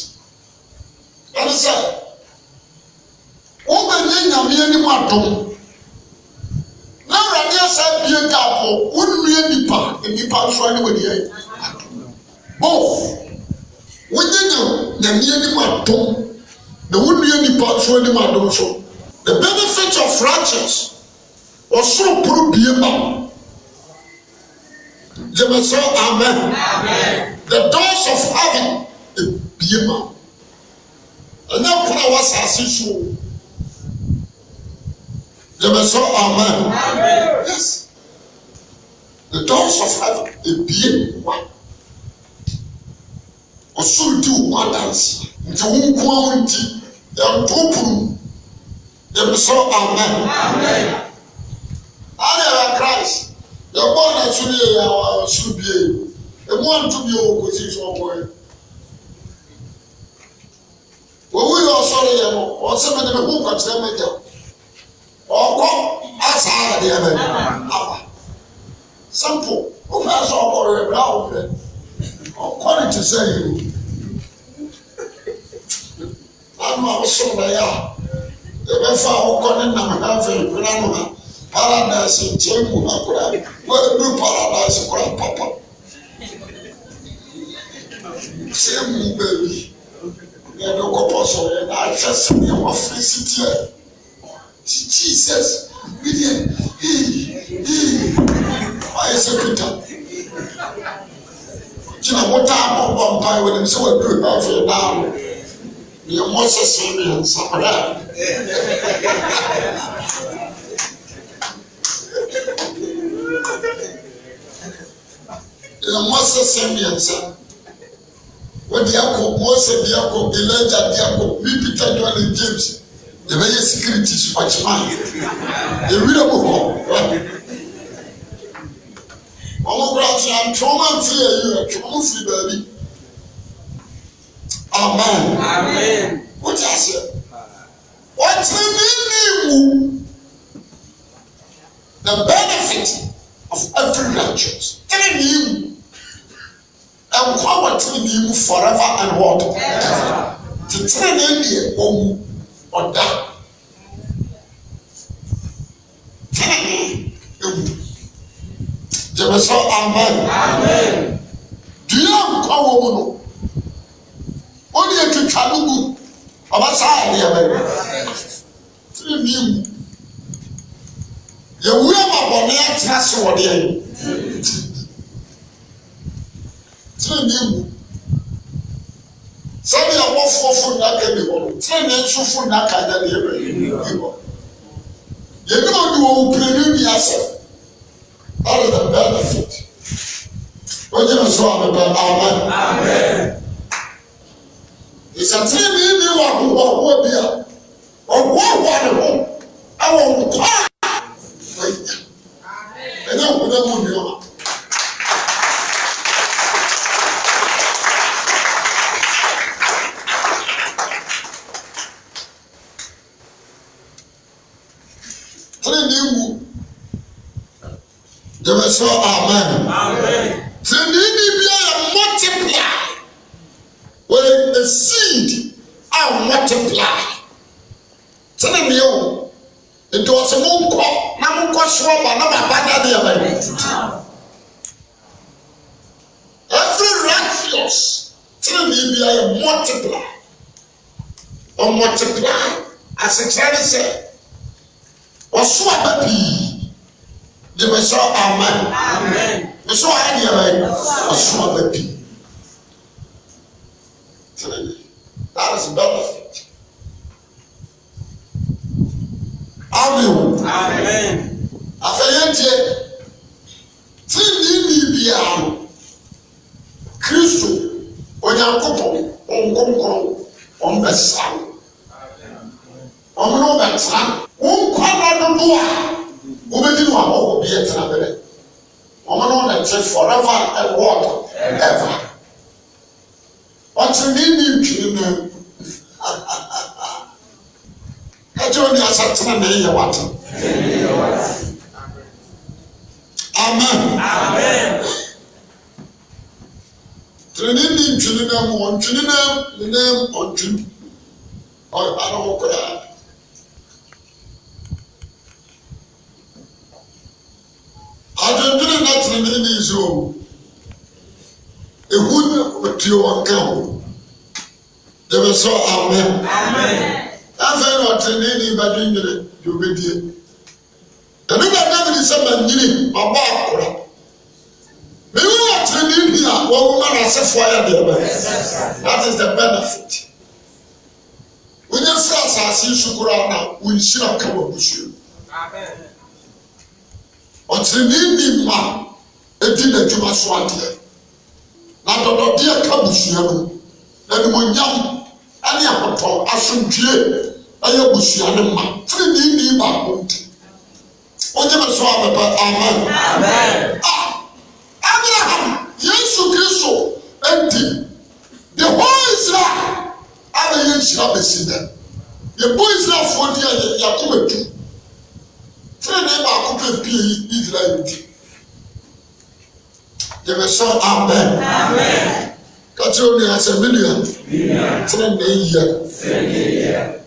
ɛne sɛ wobɛnyɛ nyame anim adom na awurade asɛ bie da akɔ wonnua nnipa nnipa nso ne wɔdeɛ both wonyanya na nia nim adom na wonnua nipa so anim adom so the benefit of righteous ɔsoro poro bie ma yɛmɛ sɛ amen the doors of heaven ebie ma ɛnyɛ kora wɔ asase so yɛmɛ sɛ amen yes the doors of heaven ebie ma ɔsoro di wo adanse nti wo nko awo nti yɛntopum yɛbisɛ amen ade yɛ christ yɛbɔ anaso no yɛyɛ awasoro bie ɛmu anto bie wɔ kɔsi so ɔbɔɛ wɔwu yɛ ɔsɔre yɛ no ɔsɛ mene me ho nkwakyerɛ mɛgya ɔkɔ asa adeɛ bɛ afa simple wopɛ sɛ ɔkɔre brɛ wo brɛ ɔkɔ ne te sɛ yi o anu a wosom na yɛ a yɛbɛfa a wokɔ ne nam hafei kura no ha paradise nkyɛn mu ha kura wɔadu paradise kura papa sɛ mu baabi yɛde kɔpɔ sɔrɔ yɛde akyɛ sɛdeɛ wɔfiri si tiɛ jesus bi deɛ hii hii wayɛ sɛ peter gyina wota abɔbɔ mpae wɔ nim sɛ waduru na afei daa no deɛ mmɔsɛ sɛ mmiɛnsa brɛ deɛ mmɔsɛ sɛ mmiɛnsa wɔde akɔ mɔsɛ bi akɔ elija bi akɔ bi peter john and james yɛbɛyɛ security sɔkyema yɛwira mu hɔ wɔn kura kye atwoma nti yɛ yi atwoma fi baabi amen wote aseɛ wɔtɛnini mu the benefit of every righteous tɛnini mu ɛnkwa wɔ tɛnini mu forever and what ever tɛnini deɛ wɔn mu ɔda tɛnini ewu gyeme sɛ amen dua nkɔ wɔ mu no wode atwitwa no gu ɔbɛsa adeɛ bɛ tiri bi mu yɛwura ma bɔne atena se wɔ deɛ tiri bi mu sɛbi ɛwɔfoɔ fo nna ka bi hɔ no tiri ne nso fo nna ka nyɛ deɛ bɛ bi hɔ yɛnim a ne wɔ wɔ pere That is the benefit. Wọ́n yẹ mi sọ àmì bẹ́ẹ̀ amen. Ìṣàtìlẹ́yìn mi wà wọ́n wọ́n bí i à, ọ̀wọ́ wà ní hó, ẹ̀wọ̀n kọ́ à. saw our yie ɛne na david sɛ manyini mabɔ akora mewu ɔtene ne hi a wɔwoma no asefoɔ yɛ deɛ bɛ that is the benefit wonyɛ firi asase yi so koraa na wonhyira ka wabusuo ɔtene ni ma ɛdi n'adwuma so adeɛ na dɔdɔdeɛ ka busua mu na nimonyam ɛne akɔtɔ asomdwie ɛyɛ busua ne ma firi ni ni baako nti wogye bɛ so abɛpɛ amen Ah, abraham yesu kristo nti the whole israel ana yɛ nhyira bɛsi dɛ yɛbɔ israelfoɔ di a yɛakɔ bɛtu firi ni baako pɛ pie israel nti yɛ bɛ so amen kakyɛ onua sɛ milia tena na yia.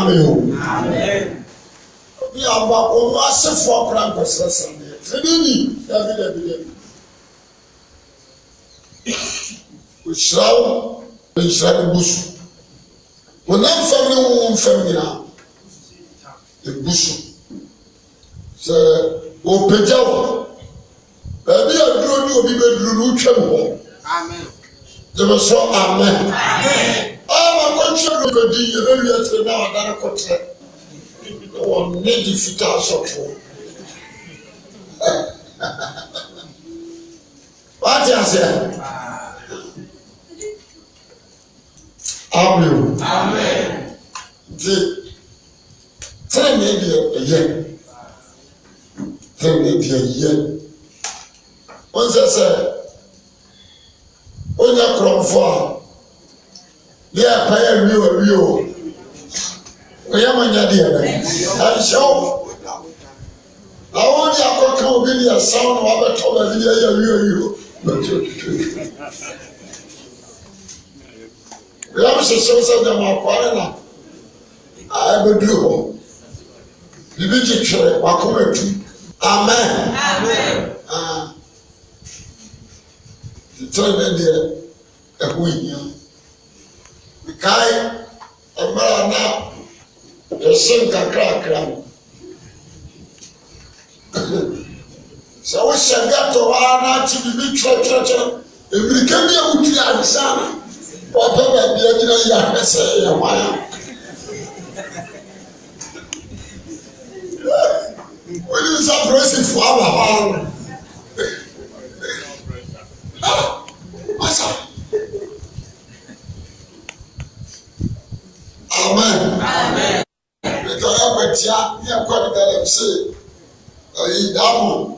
amen o bi aba ɔmo asefo akora nkɔsɛsɛm deɛ tene ni dabi dabi dabi ohyira wo nhyira no gu so wɔnam fam ne wo mfam nyinaa egu so sɛ ɔpagya wo baabi a duro ne obi bɛduru no wotwam hɔ gyeme so amen. amen ama kɔnkyerɛ no bɛdi yɛbɛ wi akyerɛ na wadane kɔkyerɛ wɔ ne de fitaa sɔfo wate aseɛ amen nti tɛnee deɛ ɛyɛ tɛnee deɛ ɛyɛ wɔn sɛ sɛ wonya korɔmfoɔ a deɛ ɛpɛyɛ wie o wie o ɔyɛ mo nya deɛ bɛ ɛnhyɛ o na wɔn de akɔka obi deɛ ɛsɛn na wabɛtɔ baabi deɛ ɛyɛ wie o wie o bɛtɔ tutu ɔyɛ mo hyehyɛ sɛ deɛ mo akɔre na ayɛ bɛduru hɔ bibi gye twere wakoma tu amen ah tẹ̀lé deɛ ɛho yìnyín kae mmerɛ na yɛhyɛ nkakrakra no sɛ wohyɛ gatɔ hɔ a na akye biribi twerɛtwerɛtwerɛ emirika bi a wotua ansa na wɔpɛ baabi agyina yi ahwɛ sɛ yɛ hwan a wọ́n ní sá pírẹ́sì fún amen bika yɛ bɛtia ne yɛkɔ ne galamse ɛyi diamond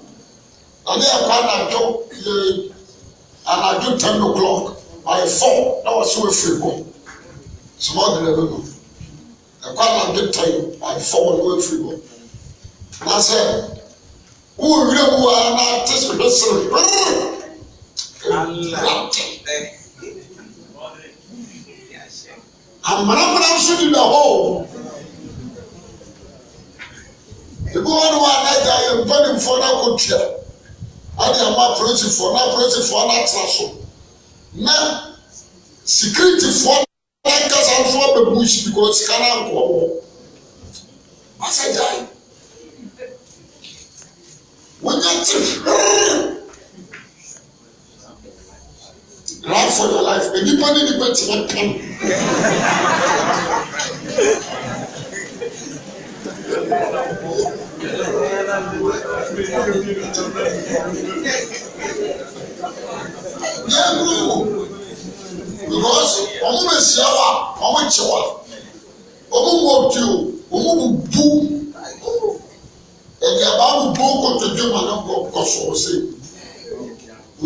na ne yɛkɔ anadwo yɛ anadwo ten o'clock by four na wɔsɛ wɔfiri hɔ sọmọ di n'ebe nọ ẹkọ anagye tẹn afọ wọn wọn fi wọn n'asẹ wọn wúlò wọn n'ate sèrè sèrè rírì ẹwúrọ tẹ amanamana nso bi wɔ hɔ ebi wɔn wɔ anagya yɛ mpanimfoɔ na kɔ tia adi ama apolisifoɔ na apolisifoɔ na atena so na sikiritifoɔ na nkasa nso abɛbu si because sika na nkɔ wɔ asagya yi wɔnyɛ ti hɛrɛ run for your life enipa ne nipa ti na kan yẹ buru wo because ọmọ bẹ si awa ọmọ kye wa ọmọ mu ọtí o ọmọ mu du ẹdi abaamu bu kọtọ dwom anam kọ kọsọ ọsẹ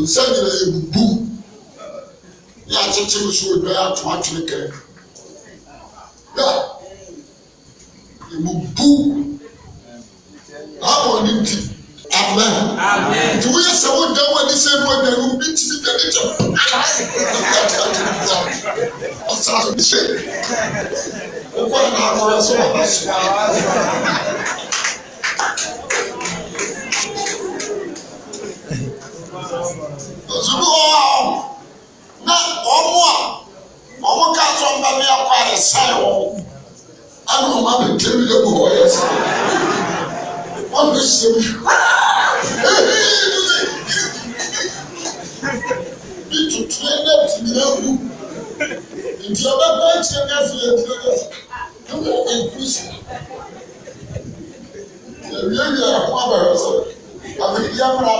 nsẹnyina ebubu yà akyekyere so odwa yà ato atwere kẹrẹ yà emu bu abọ ne nti amen nti wọ́n yẹ sẹ́ wọ́n da wọ́n ani sẹ́ wọ́n da ẹnu bi ti bi da ne kyẹ ọ̀sán àti bíṣẹ́ ọkọ̀ ẹ̀ náà kọ́ ẹ̀ sọ́ ọ̀bá sọ́ ọ̀sán bí na wɔn a wɔn ka so mba mi akɔ ayesan wɔn ɛna wɔn abɛtwa mi egu hɔ yɛ sɛ wɔn bɛ hyɛ mu bi tutu ɛna tìmí egu nti ɛbɛ bɛ ɛkyɛ ɛna fi ɛduro yɛ ɛmu ɛgu si ɛwia wia ɛho abɛhwɛ sɛ abɛbi amra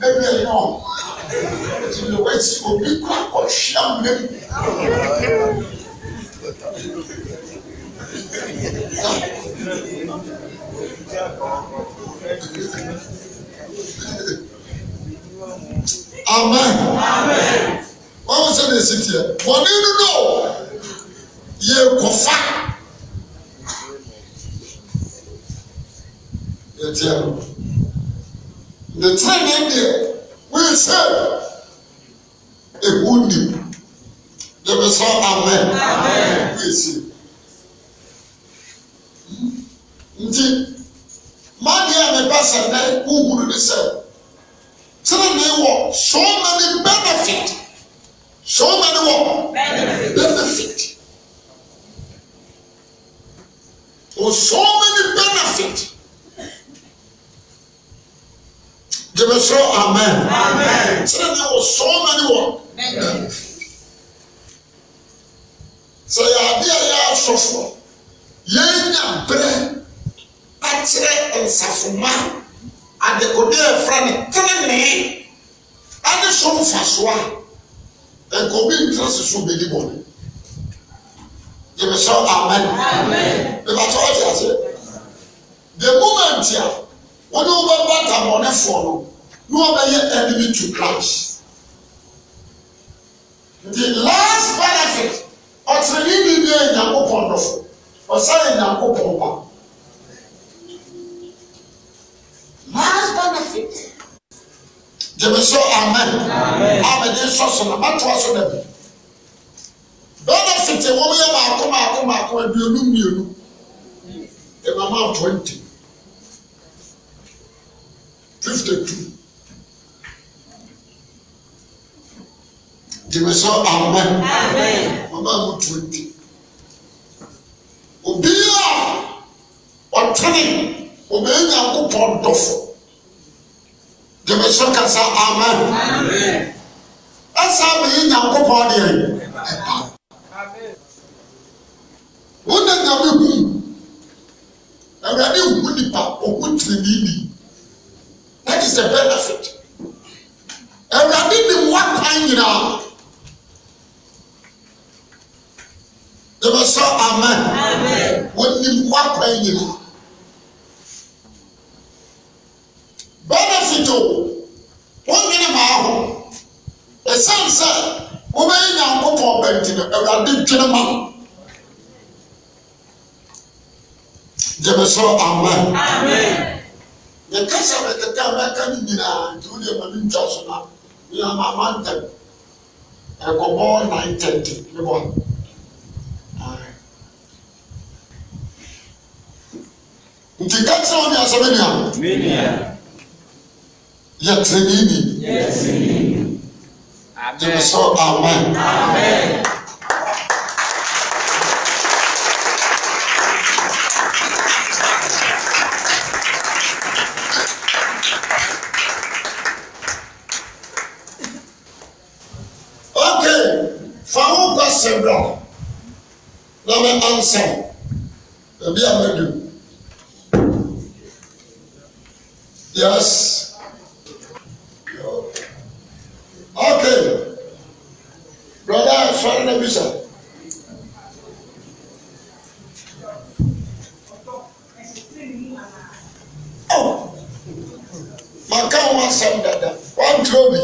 ɛbi ɛyɛ ɔmo nti na wasi obi kɔ akɔhyia mmam amen wɔn sɛ na esi tiɛ wɔn ni no yɛ kɔfa yɛ tiɛ no ne tẹnɛ deɛ we say a good name they will say amen amen we say nti mmadu a meba sɛ nnɛ huhuru ne sɛ tirinii wɔ so many benefit so many wɔ benefit o so many benefit. jẹmẹ sọ amen sẹni na wọ so many wọ sẹ yàrá a yà sọfọ yẹn nya brẹ akyerẹ nsafoma adekode efra ne tẹnẹnẹ ɛne so mfasoa nka obi ntena se so bɛdi bɔne jẹmẹ sọ amen bẹbàtà ọjà sẹ the moment yà. Yeah wɔde wo bɛba atabɔnefoɔ no na wɔbɛyɛ enemy to Christ the last benefit ɔtɛnni bi bi yɛ nyankopɔn dɔfo ɔsɛ yɛ nyankopɔn ba last benefit jẹbi sọ amen amadi sọ sọnà bàtà wà sọ dẹbi benefit wɔn yɛ baako baako baako aduonu mmienu ɛnna maa twenty. Fifty-two. sọ àmẹ́. Bàbá mi twenty. Obi a ọ̀tẹ́ni ọbẹ̀ yẹn nyà kó pọ̀ kasa àmẹ́. Ẹ̀sà mi yẹn nyà kó pọ̀ adìyẹ. Wọ́n nà nyà mi hù. Ẹ̀rọ adé hù nípa òkú tìrì is the benefit awurade ni mu akwan nyinaa yɛbɛ sɛ amen wɔnim wakwan nyinaa benefit o wɔnwene maa ho ɛsiane sɛ wobɛyɛ nyankopɔn bɛnti no awurade dwene ma yɛbɛ sɛ amen, amen yɛ kasa bɛ kɛkɛ mɛka ne nyinaa nti wo deɛ ma ne ntwa so na mea ma ma ntɛm ɛkɔbɔ nine thirty ne bɔ nti ka kyerɛ wo ne asɛm nea yɛterenini Amen. amen na mɛ ansaw ebi a mɛ dum yes okay broda sɔrɔ na bi sa. maka ho asɛm dada wantorɔ bi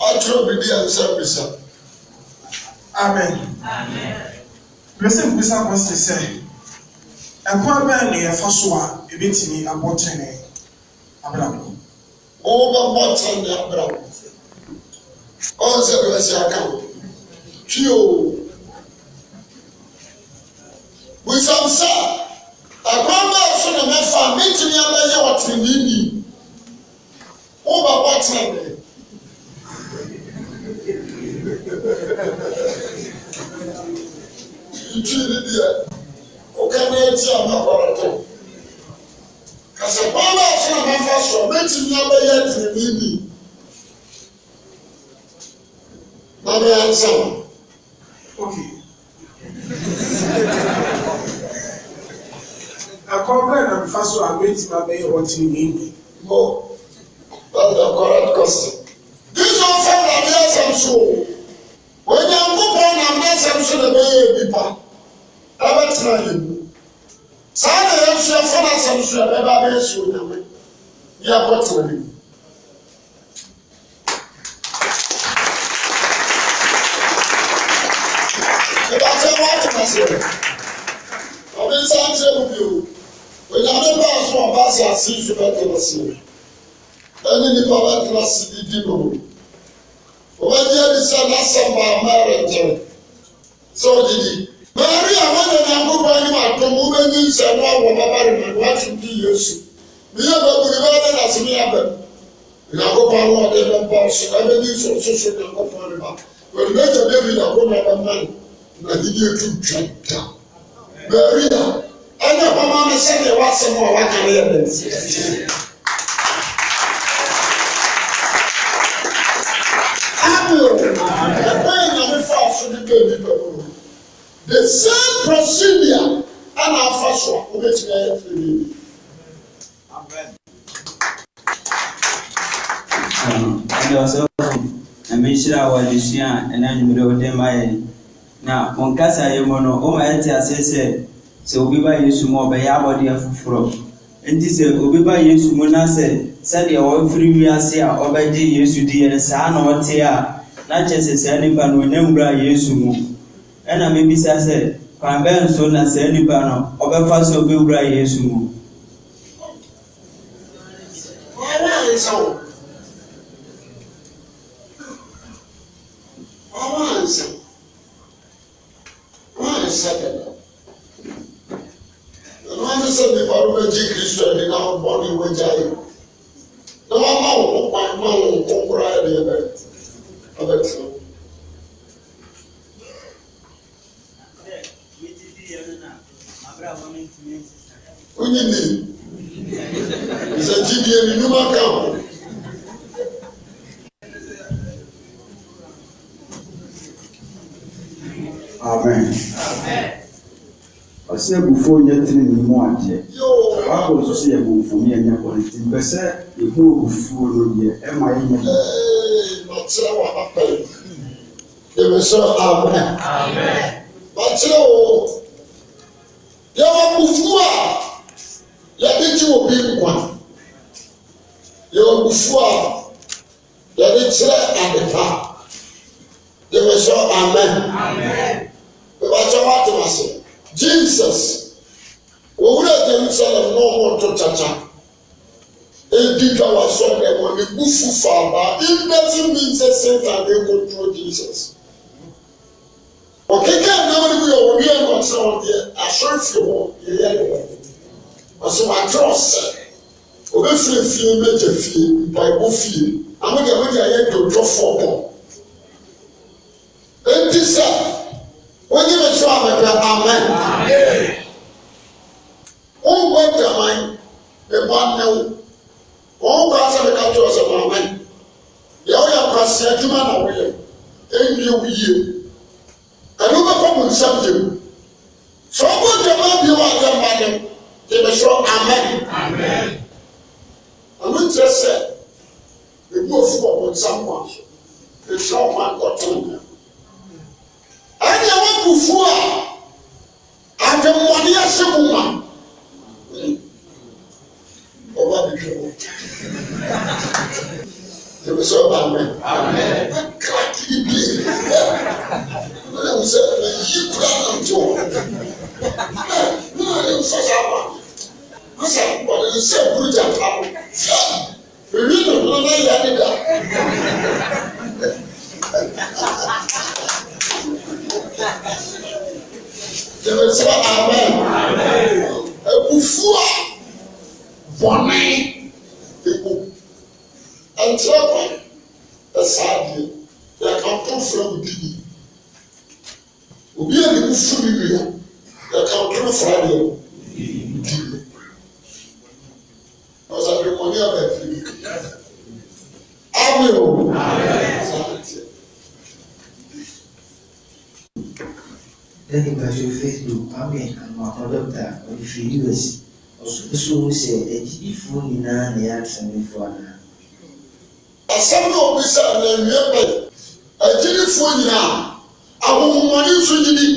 watwerɛ bi di ansɛm bisa amen mese mbisa kwesi sɛ ɛkwan bɛn na yɛfa so a ebetumi abɔ tene abrabɔ. wɔbɛbɔ tene abrabɔ ɔn sɛ bɛ si aka o twi o busam sɛ ɛkwan bɛn so na mɛfa metumi abɛyɛ wɔ tenenini wɔbɛbɔ tene. nti ni deɛ ɔka na eti a na kɔrɔ to kasa kwan a ma fa so a meti mi abɛyɛ tiri mi bi na bɛ ansa ma ok ɛkɔn bɛn na nfa so a meti mi abɛyɛ wɔ tiri mi bi. no that's the correct question this one fɛn na mi yɛ so o. yɛ mu saa na yɛsua fɔ no asɛm so a bɛba bɛyɛsua onyame yɛkɔ tena ne mu ɛbɛkyɛ no atena seɛ ɔde nsa nkyerɛ mu bio onyame baa so ɔba se ase so bɛtena seɛ ɛne nnipa bɛtena se didi no ho ɔbɛgye adi sɛ n'asɛm baa mɛrɛ nkyɛn sɛ ɔdidi mɛri a nkyɛ no awɔ babarima no wate di yesu meyɛ baburi bɛɛ ne nasene aba mu nyankopɔn no ɔde bɛmpa so ɛbɛdi nsorsoso nyankopɔn ne ba wɔde bɛgya david akoma bɛma no na didi etu twa da baabi a ɛnyɛ pama ne sɛdeɛ wasɛm a waka no yɛ bɛnsi The same procedure ɛna afa so wobɛtumi ayɛ fɛrɛbi ɛmɛhyira wɔ adesua a ɛna nnwumere wode ma yɛ na wo nkasa yɛ mu no woma yɛte aseɛ sɛ sɛ obi ba yesu mu ɔbɛyɛ abɔdeɛ foforɔ nti sɛ obi ba yesu mu na sɛ sɛdeɛ wɔfiri wiase a ɔbɛgye yesu diɛ no saa na ɔte a na kyɛ sɛ saa nipa no ɔna mmura yesu mu ɛna mebisa sɛ kwan bɛn so na saa nipa no ɔbɛfa sɛ ɔbɛwura yesu mu. ɛnna nso. ɔsɛ abufuo nyɛ tiri ne mu adeɛ wakɔ nso so yɛ abufuo ne ɛnyɛ kɔ ne ti mpɛ sɛ ehu no deɛ ɛma ɛnyɛ kɔ. ɔkyerɛ wɔ apɛ ebi sɛ amen ɔkyerɛ wo yɛwɔ abufuo a yɛde gye obi nkwa yɛwɔ abufuo a yɛde kyerɛ adepa ebi sɛ amen ebi sɛ wɔate wɔ se jesus owurɛ jerusalem na ɔmo nto kyakya edi dwa wasɔn dɛ wɔn ne gu fu faaba it doesn't mean say satan dey control jesus ɔkeka nnam no bi yɛ wɔn yɛ wɔn sɛ wɔn deɛ asɔn fi hɔ yɛ yɛ ne wɔn ɔsɛ wɔatwerɛ sɛ obɛfiri fie mɛgya fie mpaebɔ fie amodeɛ amodeɛ ayɛ dodwɔfoɔ bɔ edi sɛ wọ́nyí mi sọ àbẹ̀bẹ̀ amen. wọ́n gbọ́ dàmán bẹ̀bọ̀ anáwó wọ́n gbọ́ asẹ́lẹ̀ ká tó ọ̀sẹ̀ mọ̀ amen. yà ó yà kwasi adwuma na wọ́yẹ ẹ̀yìn ewu yie ẹ̀rọ bẹ kọ́ mu nsàm yẹ mu sọ gbọ́ dàmán bi wà dé mma dé yẹ mi sọ amen. ọ̀nà nkyẹn sẹ ebi òfin wọ̀ bọ̀ nsàm wà ẹ̀sọ́ ọ̀ma akọ̀tọ̀ nìyẹn ɛnna wabufuo a adwemmɔne ahyɛ mu ma ɔba bɛhwɛ wɔ ebi sɛ ɔba amɛ akra ibie ɛnna mo sɛ ɛyi kura nante wɔ ɛnna ɛyɛ nfa sɛ aba asa ɔde ne sɛ buru gya pa mo fɛ ewi ne ho na yɛ adeda. jẹ̀rẹ̀ sọ amen ebufua bọ̀nì egu ẹ̀kyẹ́ kọ́ ẹ̀sẹ̀ adìẹ yẹ ká tó fura wò di yìí obi yẹ n'ebu funu mi yẹ yẹ ká tó fura adìẹ wò di yìí ọ̀sán mi kọ́ ní abẹ́ fi mi amen lẹ́yìn ìgbà tó fẹ́ lò pàmì àwọn akọ́dọ̀tà ọ̀dùfẹ́ us ọ̀sọ̀kọ́sọ̀wọ́ sẹ ẹ̀jìdì fóònù náà ní àtúnmí fún àná. asọ́nà òbí sẹ́ẹ̀ na ẹ̀pẹ̀ ẹ̀jìdì fóònù náà àwọn ọmọ ní ìtúnyìí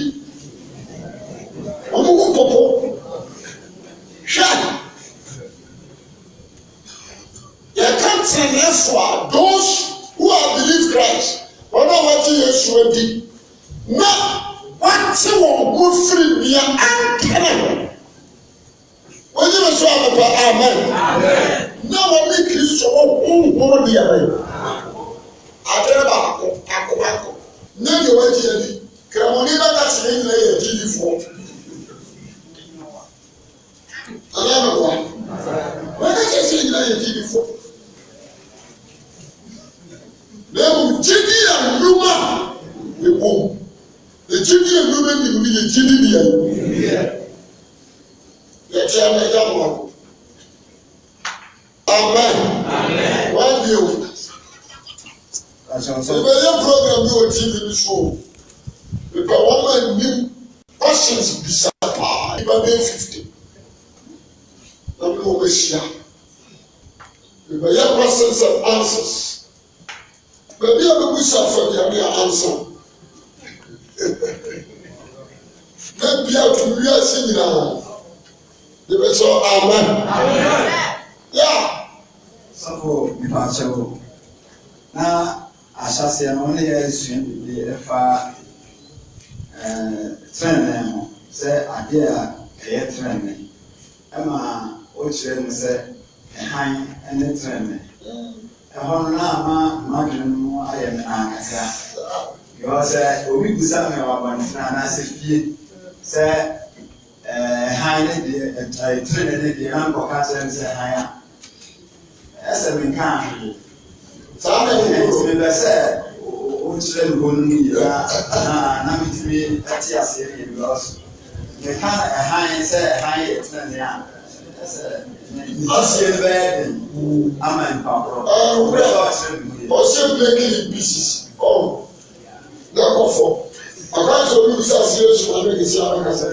sọ omi sá sí Yesu ma mi kìsí àwọn kasa.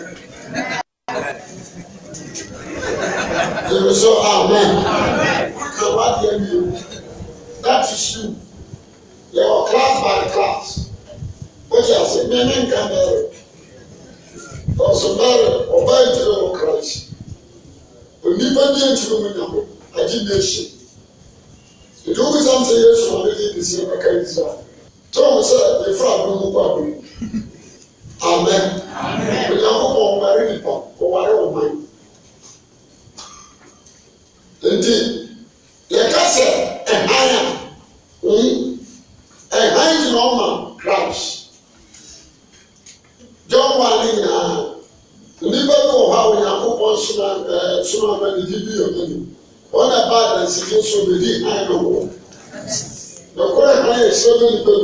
Èmi sọ amen. Kà wá di ẹni o. That is you. Yẹ wọ class by class. Ó ṣe àṣẹ mi ní nǹkan mẹ́rin. Ọ̀sùn mẹ́rin ọba ìdílé wọ Christ. Onípa ní ètùrú mi nà mọ́, àjí ní èṣe. Ìdúró sá ń sẹ Yesu ma mi kìsí àwọn kasa. Tọ́wọ́n sẹ́ ẹ̀fọ́ àbúrò mú kọ́ àbúrò. Espíritu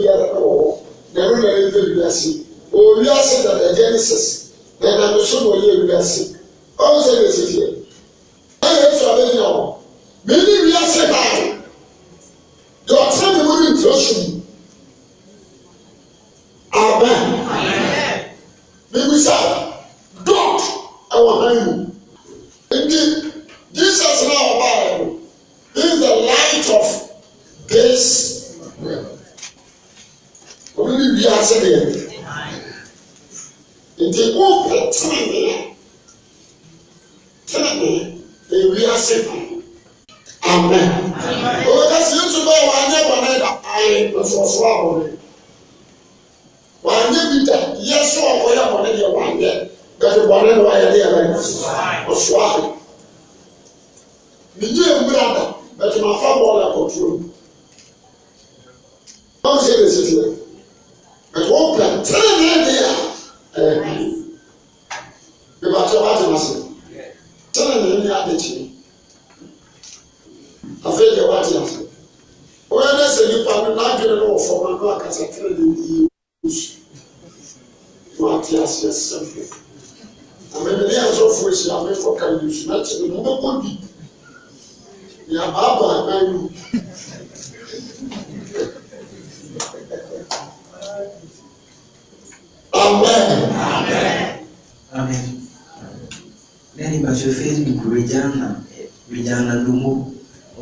Then mafyo Facebook vijana vijana lumu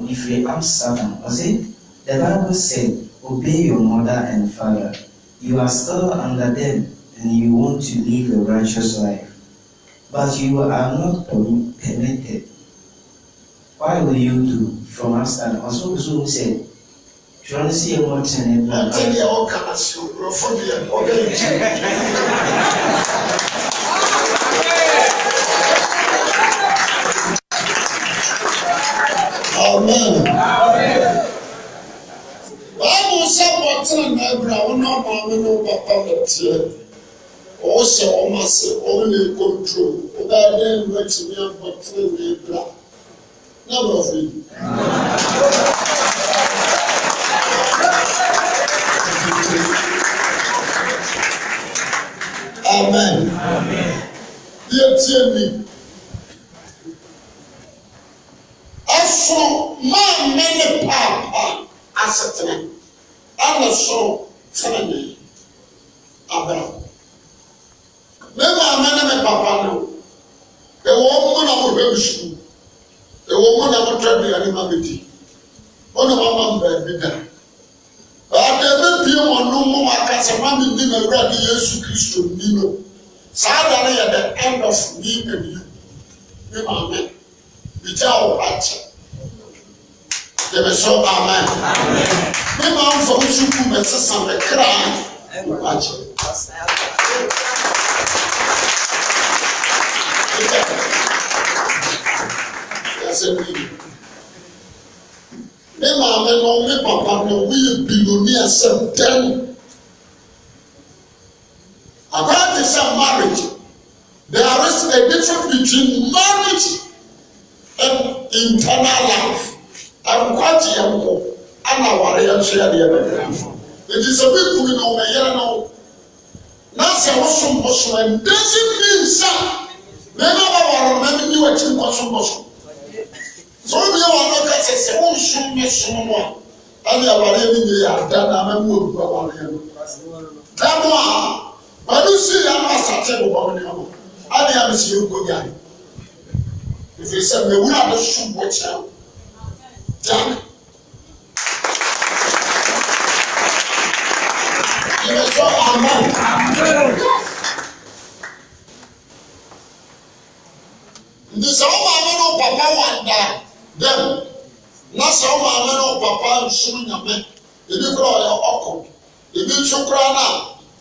unifre am it, The Bible said, obey your mother and father. You are still under them and you want to live a righteous life. But you are not permitted. Why will you do from us?" And Also, so said, John C. come and okay? na maame ne wo papa na teɛ ɔhyɛ wɔn ase wɔn na ekontrol ɔbaa bɛn mu atumi abɔtɔ na ebira na aborɔfo yi. amen. deɛ tie mi ɛso maame ne paapa asetena ɛna soro sɛnɛ ne abɛrɛ ne maame ne ne papa no ɛwɔ mu na mo hwɛ mi sukuu ɛwɔ mu na mo tɔ aduane ma mi di wɔn na mo ama mo baabi da ɔde bi pie wɔn no mo ma kasa ma mi di na ewura de yesu kristo ni no saa da no yɛ the end of me and you ne maame bi gya wɔ akyɛ yɛbɛ sɔ amen ne maa nfa wusu ku mɛ sisan mɛ kira wòlá jɛ yasɛ mi ne maame no ne papa no mi yɛ biloni asɛm dɛm akwai ti sɛ marriage there is a difference between marriage and internal life ankwagyeɛ wɔ ana awareɛ nso yɛdeɛ bɛbrɛfo nti sɛ bɛkumi na ɔmɛyere no na sɛ wosom bosom ndesi bi nsa mɛma bɛware no mɛme ni wakyi nkɔ som bosom sɛ wobia wɔ no ka sɛ sɛ wonsom me som no a ɛne awareɛ no nyɛ yɛ ada na mɛma wɔgu awareɛ no da mo a mane sii ya no asate bobɔ me neɔma ade a mesɛ yɛnkɔ yare ɛfiri sɛ mawura no som wɔ kyerɛ wo jami. Ìrẹsọ àmọ́. Nti sɛ wo maame ne wo papa wada dɛm na sɛ wo maame ne wo papa nsoro nyame ebi kora ɔyɛ ɔkɔ ebi nso kora no a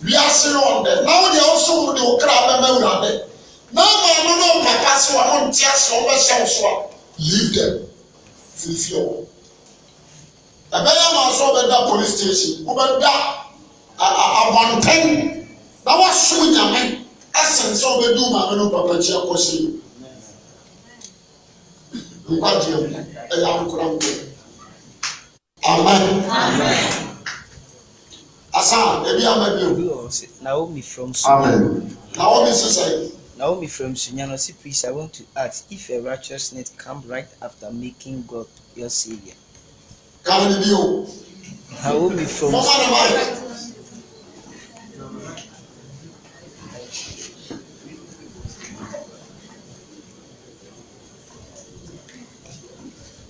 wiase ne ɔndɛ na wo deɛ wosom de wo kra bɛma awurade na maame ne wo papa se wɔ no nte ase wɔbɛhyɛ wo so a leave them fifie wɔ ɛbɛyɛ maa sɛ ɔbɛda police station ɔbɛda abɔnten na wasom nyame asen sɛ ɔbɛdi wo maame no papa kyi akɔhyɛ yi nkwagyeɛ mu ɛyɛ akora mu amen asan ebi ama bi o naomi from sudan naomi sisan. Naomi from Sunyano C. Please, I want to ask if a righteousness come right after making God your savior. Naomi from.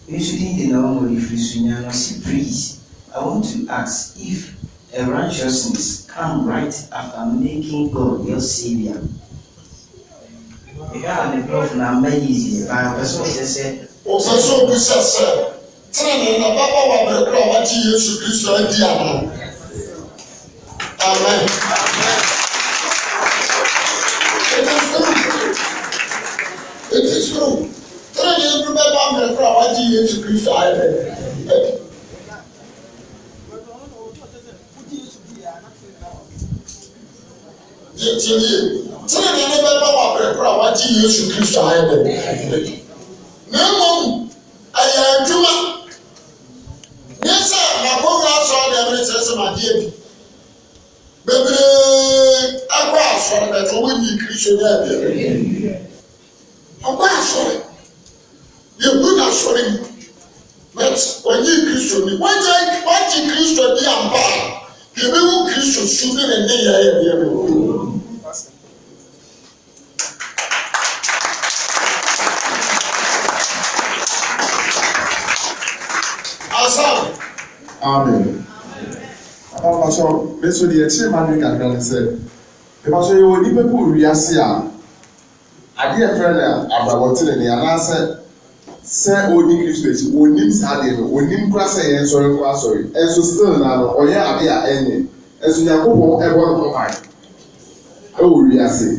Usually, Naomi from Sunyano C. Please, I want to ask if a righteousness come right after making God your savior ɛhwɛ a ne dɔfo na ama yi yie paa ɔpɛ sɛ ɔhyɛ sɛ. ɔpɛ sɛ obi sɛ sɛ bẹ̀rẹ̀ kúrò àwọn tí Yesu Kristu ẹ di àná amen. it is true it is true tẹnani ẹni bẹ́ẹ̀ bẹ̀rẹ̀ kúrò àwọn tí Yesu Kristu ẹ bẹ̀ ẹ. Yẹ tiẹ̀ yẹ tirinwi ne bɛ ba wa pere kura wa gye yesu kristo ayɛ dɛ na mmom ɛyɛ adwuma nye sɛ n'akɔwura asɔre dɛm ne kyerɛ sɛ n'adeɛ bi bebree akɔ asɔre bɛtɛ wɔn nyi kristo dɛ ɛbɛrɛ akɔ asɔre yɛ bu n'asɔre mu but wɔnyi kristo ni wɔgye wɔgye kristo di ampa yɛ bɛ wu kristo su ne ne ne yɛ ɛyɛ deɛ bɛ wɔ. amen abafa so meso deɛ ɛkyɛ ma ne kakra ne sɛ ɛba so yɛwɔ nipa bi wiase a adeɛ fɛ no abrabɔ tene ne anaasɛ sɛ onim kristo akyi onim saa adeɛ no onim kora sɛ yɛn nsɔre kora asɔre ɛnso still na no ɔyɛ adeɛ a ɛnyɛ ɛnso nyakopɔn ɛbɔ no kɔman ɛwɔ wiase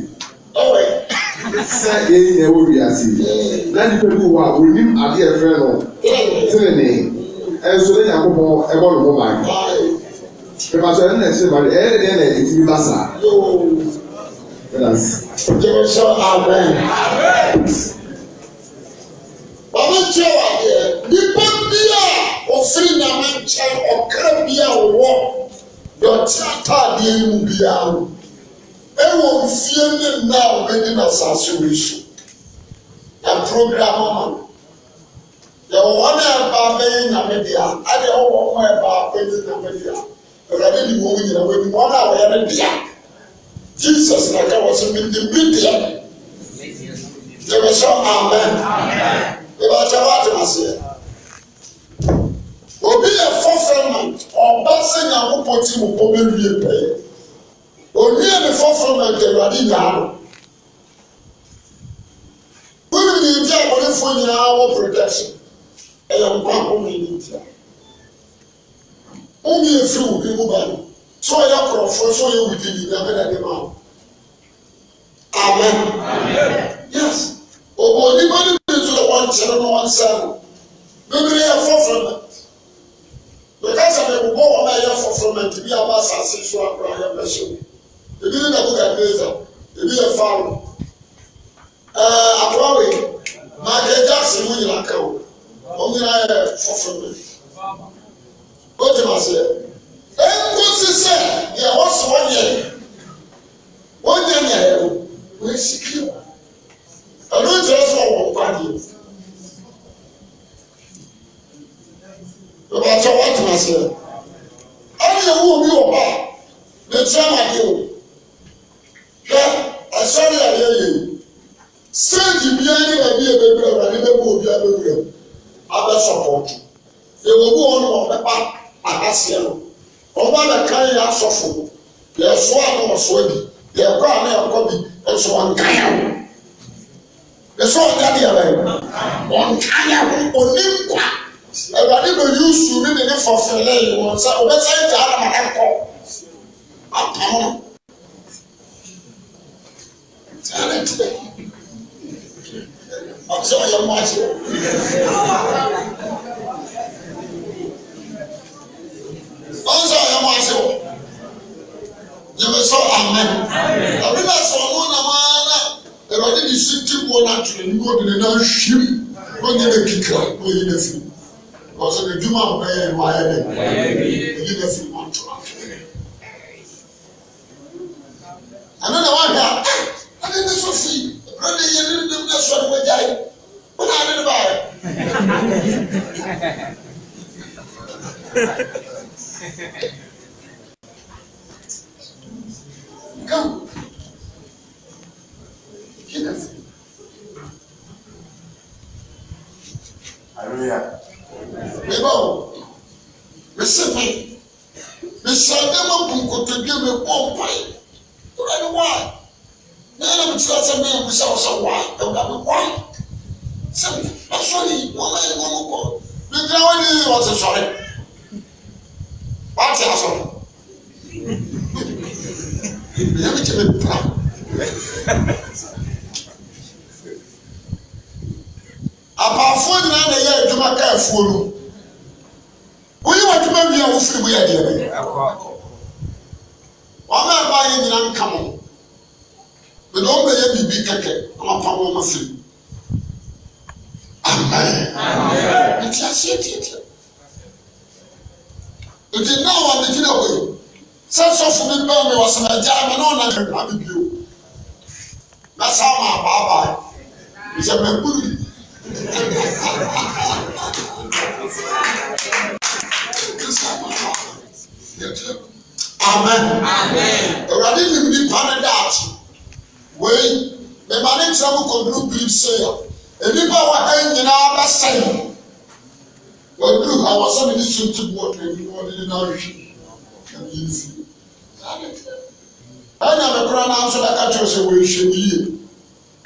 sɛ yɛn nyɛ wɔ wiase na nipa bi wɔ a onim adeɛ fɛ no tene ne ɛnso ne nyakopɔ ɛbɔ ne ho ban pepaso ɛne na ɛhyɛ ban ɛyɛ deɛ na ɛtumi ba saa gyere sɛ amen bàbá kyerɛ wà deɛ nipa bi a ofiri nyame nkyɛn ɔkra bi a wɔwɔ dɔte ataadeɛ yi mu biara no ɛwɔ mfie ne nna a na asase wɔ so na program ama no yɛwɔ wɔn a ɛba bɛyɛ nyame dea ade ɛwɔ wɔn a ɛba bɛyɛ nyame dea awurade ni wɔn nyina wɔn ni wɔn a wɔyɛ ne dea jesus na ka wɔ so mi ni mi dea yɛbɛ amen yɛbɛ sɔ waati ma seɛ obi yɛ fulfilment ɔba sɛ nyako pɔ ti mu pɔ bɛ wie pɛɛ onue ne fulfilment awurade nyaa no wɔn nyinaa akɔlɛfoɔ nyinaa wɔ protection ɛyɛ nkɔ ahoma yi nti a wɔn yɛ fi wo bi ba no sɛ ɔyɛ korɔfoɔ sɛ ɔyɛ wudi ni na bɛda ne ma wo amen yes ɔbɔ nipa ne bi nso wɔn kyerɛ na wɔn nsa no bebree yɛ fɔfɔmɛ bɛkasa na ebobɔ wɔn a yɛ fɔfɔmɛ ti bi aba asase so akora yɛ bɛ so ebi ne na ko ka ne za ebi yɛ faawo ɛɛ akora wei maa kɛ gyaase mu nyina ka wo wɔn nyinaa yɛ foforɔ bi o gyina aseɛ nkosi sɛ deɛ wɔsɔ wɔn yɛ wɔn nyɛ nyɛ yɛ o wɔn esi kiri ɛno nkyerɛ sɛ ɔwɔ nkwa deɛ bɛbɛ akyɛ wɔn gyina aseɛ ɛna ewu obi wɔ hɔ a ne kyerɛ ma deɛ o hwɛ asɔre a yɛyɛ stage bia ne baabi a bɛbura awurade bɛbɔ obi a bɛbura mu abɛsɔpɔtɔ ewu bi wɔn wɔn bɛba ahaseɛ no wɔn ba bɛka yɛ asɔfo yɛsoa na wɔsoa bi yɛkɔ a na yɛkɔ bi nso wɔn ka yɛ ho nso wɔn ka deɛ bɛyɛ wɔn ka yɛ ho oni nkwa awurade bɛ yusu ne de ne fɔfɛlɛ yi wɔn sɛ ɔbɛsɛ gya na ma ɛkɔ apam no sɛ ɛna ti bɛ ọsọ ọyọ mọ àti o. ọsọ ọyọ mọ àti o. yẹmẹ sọ amen. ẹbí na sọ ọmọ nàmá náà ẹrọ ní ní sí tí wọn náà tún ní wọn ní náà ṣí mi wọn yẹ bẹ kíkà wọn yẹ bẹ fi ọsọ ní jùmọ àwọn ẹyẹ ẹnu ayẹ bẹ yẹ bẹ fi wọn tó àfi. ẹnu náà wà dá ẹ sọ fi wọn ni yẹn ní ní ní sọ̀rọ̀ wọn jáde wọn náà nínú Come. Kidness. Hallelujah. me. o, bẹ́sẹ̀ mi, bẹ́sẹ̀ adé ma bùn kòtò bí mi pọ̀ mpa yìí, wọ́n ni wọ́n a na ɛna mo tura sɛ mo yɛ mo sɛ ɔsɛ wa ɛwura mi wa sɛ asɔre wɔn ayɛ wɔn mo kɔ bibira wɔn ni ɔsɛ sɔre wɔate asɔre ɛyɛ mi kyerɛ mi pra apaafoɔ nyinaa na ɛyɛ adwuma kaafoɔ no woyi wɔ adwuma wie a wofiri mu yɛ deɛ bɛyɛ wɔn a ɛba yɛ nyinaa nka mo mede wɔn bɛyɛ biribi kɛkɛ na wɔapa wɔn afi amen nti aseɛ tiɛtiɛ nti naa wa ne gyina wɔ yi sɛ sɔfo mi bɛn mi wɔ sɛnɛ gya mi na ɔna yɛ kura mi bio na saa ma abaabaa sɛ mɛ buru yi. Amen. Amen. Awurade nim nipa ne daakye wei mema ne nkyerɛ mo kɔduru biribi sɛ nnipa wɔ ha nyinaa bɛsɛn wɔduru ha wɔ sɛ mede sonte boɔ twani na wɔde ne no ahwehwe kameyi fie ɛnya mekora naa nso bɛka kyerɛ sɛ wɔnhwɛ me yie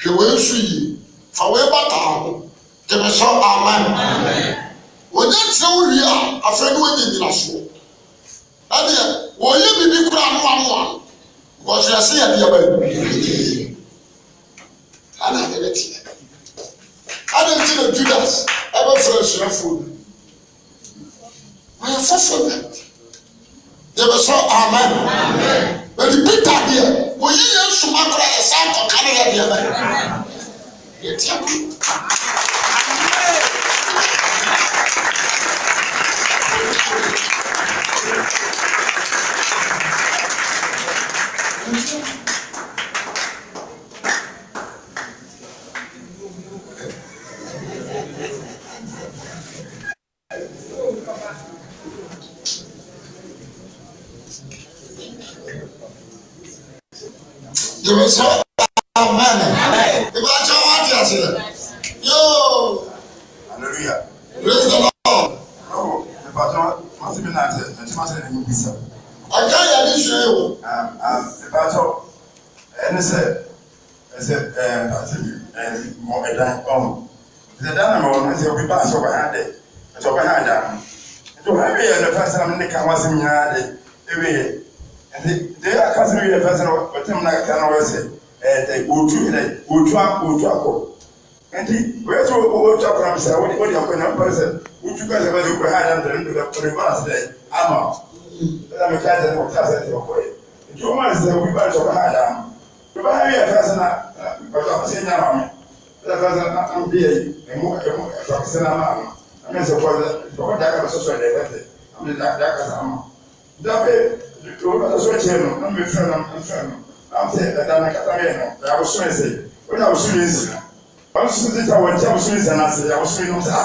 hwɛ wɔn nso yie fa wɔn bata ho gyeme sɛ amen wɔnyɛ kyerɛ wo wie a afei ne wɔnyɛ nyinasoɔ ɛdeɛ wɔyɛ bibi kura no anoa no wɔhyɛ sɛ yɛdeɛ baabi ana yɛ bɛ tiɛ ana ti na judas ɛbɛ fɛ asuafoɔ no wɔyɛ foforɔ na yɛ bɛ sɔ amen bɛti peter deɛ wɔyi yɛn suma kora ɛsɛ akɔka no yɛ deɛ bɛ yɛ tiɛ ko. Thank you. It will so amen. Ìbájọ́ wá di àṣẹ. Yóò. Hallelujah. Praise the Lord. Lọ́wọ́ ìbájọ́ wọ́n sì mí náà ṣe ẹ̀jẹ̀ máa ṣe ẹ̀yìn níbi sá. Ọ̀gá yẹn ní ṣe o. Ìbájọ́ ẹni sẹ ẹsẹ ẹ àti ẹ mọ ẹ̀dán ọ̀hún. Ìṣẹ̀dá náà mọ̀ ọ́n ṣe òbí bá aṣọ ọ̀gá yẹn dẹ̀ ẹ̀jọ̀ ọ̀gá yẹn dà. Ètò ọ̀gá yẹn yẹ nti deɛ aka sɛ no yɛ fɛ sɛ no wɔtem no kaka no wɔyɛ sɛ ɛdɛ wɔtu ɛdɛ wɔtu wɔtu akɔ nti wɔyɛ sɛ wɔtu akɔ nam sɛ wɔde wɔde akɔ nam pɛrɛ sɛ wɔtu kɔ sɛ wɔde kɔ ha nam sɛ no dɔdɔ pɛrɛ ba sɛ ama ɛdɛ mɛ kaa sɛ no kaa sɛ deɛ ɔkɔ yɛ nti wɔn ayɛ sɛ wɔbi ba sɛ ɔba ha da ama ɔba ha yɛ fɛ sɛ na ɔba sɛ nya na ɔmɛ ɛdɛ fɛ sɛ na ɔmɛ yɛ ɛmu ɛmu ɛfɛ sɛ na ama ama ama sɛ ɔkɔ sɛ ɔkɔ da aka sɔsɔ ɛdɛ fɛ sɛ ɔmɛ da da owurɔ so kyerɛ no na mbɛ fɛn no mfɛn no n'afɛ ɛda na kata yɛ no yawosom ɛsɛ onye awosom yɛ nsi wɔn nso ti ta wɔn nkyɛn awosom nsia n'ase yawosom yɛ no ta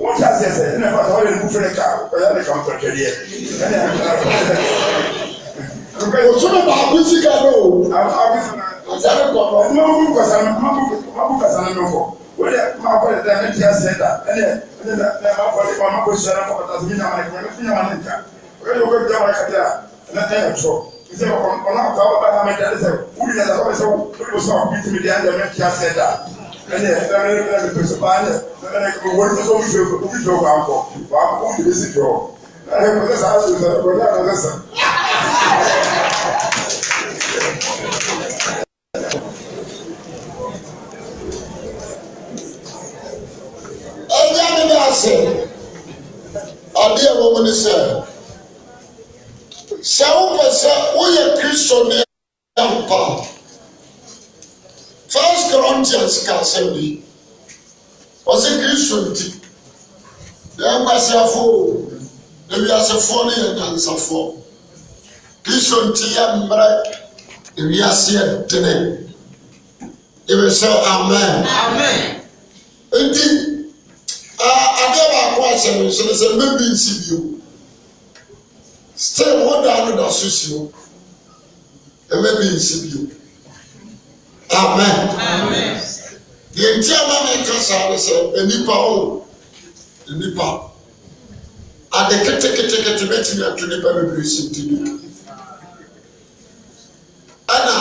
wɔn ti aseɛ sɛ ɛna fata wɔyɛ nufu ne ka ɔyɛ ne ka mpɛ twɛdeɛ ɛna yɛ kata ɔyɛ. osu ni baako o. baako si na asɛnni kɔkɔ. mmabu kasa mmabu mmabu kasa na nnukwu o de maa kɔ de da da ɛnɛ ɛnɛ na ɛma kɔ de ma ma kɔ si ɛna kɔ kata so mi da ma na ɛyɛ ntorɔ sɛ ɔno akɔta ɔba ha mɛda ne sɛ wodi na dafɔ sɛ wode sɛ ɔbitimi de ayɛ me tia sɛ da ɛne ɛne pɛ so paa ne ɛne wɔde sɛ wobi fɛ wobi fɛ wɔ akɔ wɔ akɔ wode bɛsi fɛ hɔ ɛne pɛ sɛ saa so sɛ wɔde akɔ sɛ sɛ ɛnyɛ ne ne ase adeɛ wɔ mu ne sɛ sɛ wopɛ sɛ woyɛ kristoni ampa first corinthians ka asɛm bi ɔsɛ kristo nti yɛn nkwaseafoɔ o ewiasefoɔ no yɛ dansafoɔ kristo nti yɛ mmerɛ ewiaseɛ dene ebi sɛ amen nti adeɛ baako ahyɛ no nso no sɛ mbɛbi nsi bio still wọ́n dá no da so si o ẹ̀mẹ́ bí n ṣe bi o amen yẹn tí a máa mi kasa ni sẹ nipa o nipa ade ketekete bẹ́tì mi ato nipa bebree si ti ni ẹna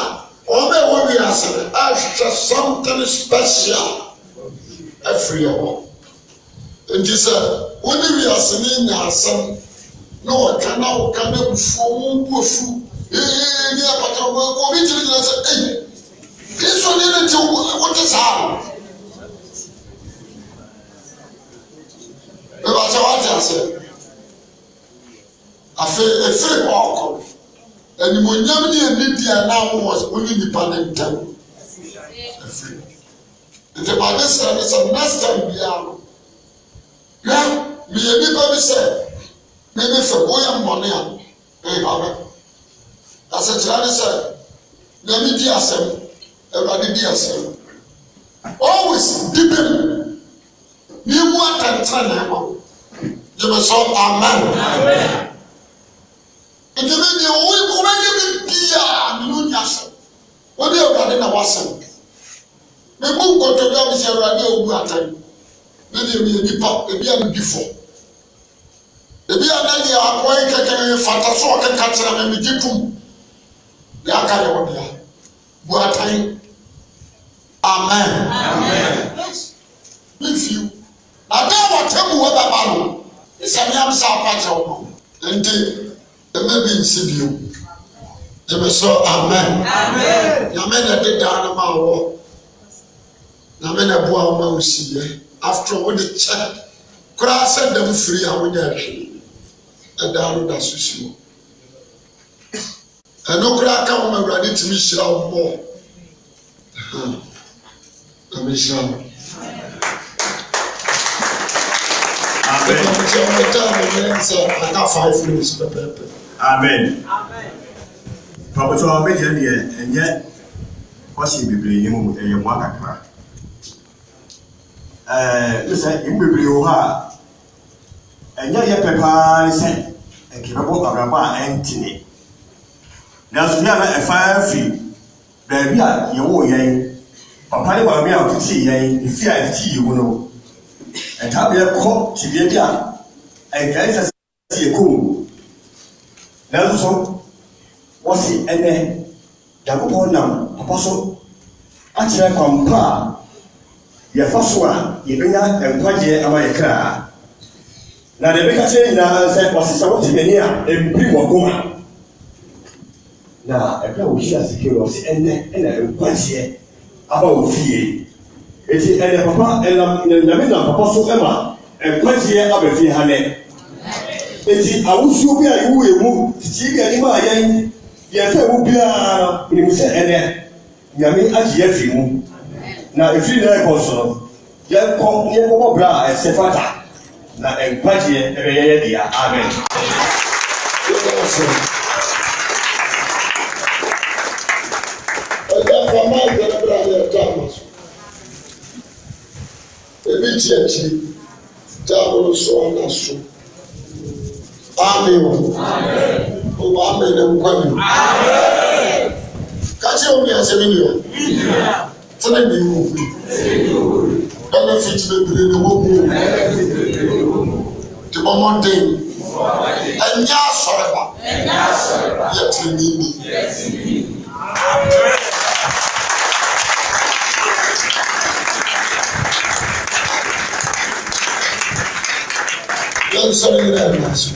wọ́n bẹ wọ́n wi ase ni ahwehwẹ something special ẹfiri ẹwọ nti sẹ wọ́n ni wi ase ni nya asẹm na wɔka na wɔka na ebufuo wɔn bu efu ee ne apata wɔn akɔ obi gyinagyina sɛ ee yesu ne ne ti wo wote saa no eba sɛ wate ase afe efiri ɔkɔ enimonyam ne enidi a na wɔ onye nipa ne ntam efiri nti maame sɛ ne sɛ next time biara no na meyɛ nipa bi sɛ mene sɛ woyɛ mmɔne a ɛyɛbabɛ asekyerɛ ne sɛ nyame di asɛm awurade di asɛm always di bem ne mu atɛntɛn na ɛma gyeme sɛ amen nti me deɛ wobɛyɛ me bia mene onni asɛm wode awurade na woasɛm mebu nkotodwa me sɛ awurade a ɔbu atɛn ne deɛ meyɛ nipa ebi a medi fo ebi a na yɛ akɔyɛ kɛkɛ fata so ɔkeka kyerɛ me megye tum deɛ aka yɛ wɔ dea buatan amen mefiw na da wɔtɛ mu wɔbɛba no ɛsɛme am sɛ apa kyerɛ wo no nti ɛmɛ bi nsi bio ɛmɛ sɛ amen nyame na ɛde daa no ma wɔ nyame na ɛboa wo ma wo siyɛ after wode kyɛ koraa sɛ dɛm firi a wonyɛ hwee ɛdaa no da so si hɔ ɛno koraa ka wɔn awurade tumi hyira wɔn bɔ ɛmi hyira wɔn. Amen. Amen. Pàpàtà wa bẹ́ẹ̀ yẹn deɛ ɛnyɛ kɔsi bebree yẹn mu ɛyɛ mu akakra. Ɛɛ nisɛ emu bebree wɔ hɔ a ɛnyɛ yɛ pɛ paa nisɛ nkebɛbɔ abrabɔ a ɛntene nanso yɛ a ɛfa afiri baabi a yɛwɔ yɛn papa ne maame a ɔtete yɛn efi a ɛtete yɛn mu no ɛtaa bɛ kɔ tibia bi a ɛnkae sɛ sɛ yɛ kɔn mu nanso wɔsi ɛnɛ yakobɔ nam papa so akyerɛ kwampa a yɛfa so a yɛbɛnya nkwagyeɛ ama yɛ kraa na deɛ ɛbɛka kyerɛ nyinaa eh, sɛ ɔsesa wɔte m'ani a ɛmpiri wɔ goma na ɛbɛrɛ wɔ hyia sikiri wɔ sɛ ɛnɛ ɛna nkwanhyɛ aba wɔ fie eti ɛnɛ papa ɛnam nyame nam papa so ɛma nkwanhyɛ aba fie ha nɛ eti awosuo bi a ewu ewu titi bi anim a yɛn yɛsɛ ewu biara enim sɛ ɛnɛ nyame agye yɛ fi mu na efiri na ɛkɔ soro yɛkɔ yɛkɔ bɔ bra ɛsɛ fata na nkwagyeɛ ɛbɛyɛ yɛ dea amen. ebi kyi akyi taabolo so ɔna so amen o ɔwɔ amen ne nkwa mi kakyɛ omi asɛm ni o tẹnɛ ni o benefit bebree ni wɔn mu o dibɔmɔden ɛnyɛ asɔreba yɛ tirinini. yɛn sɛ yɛrɛ yɛn n'aso.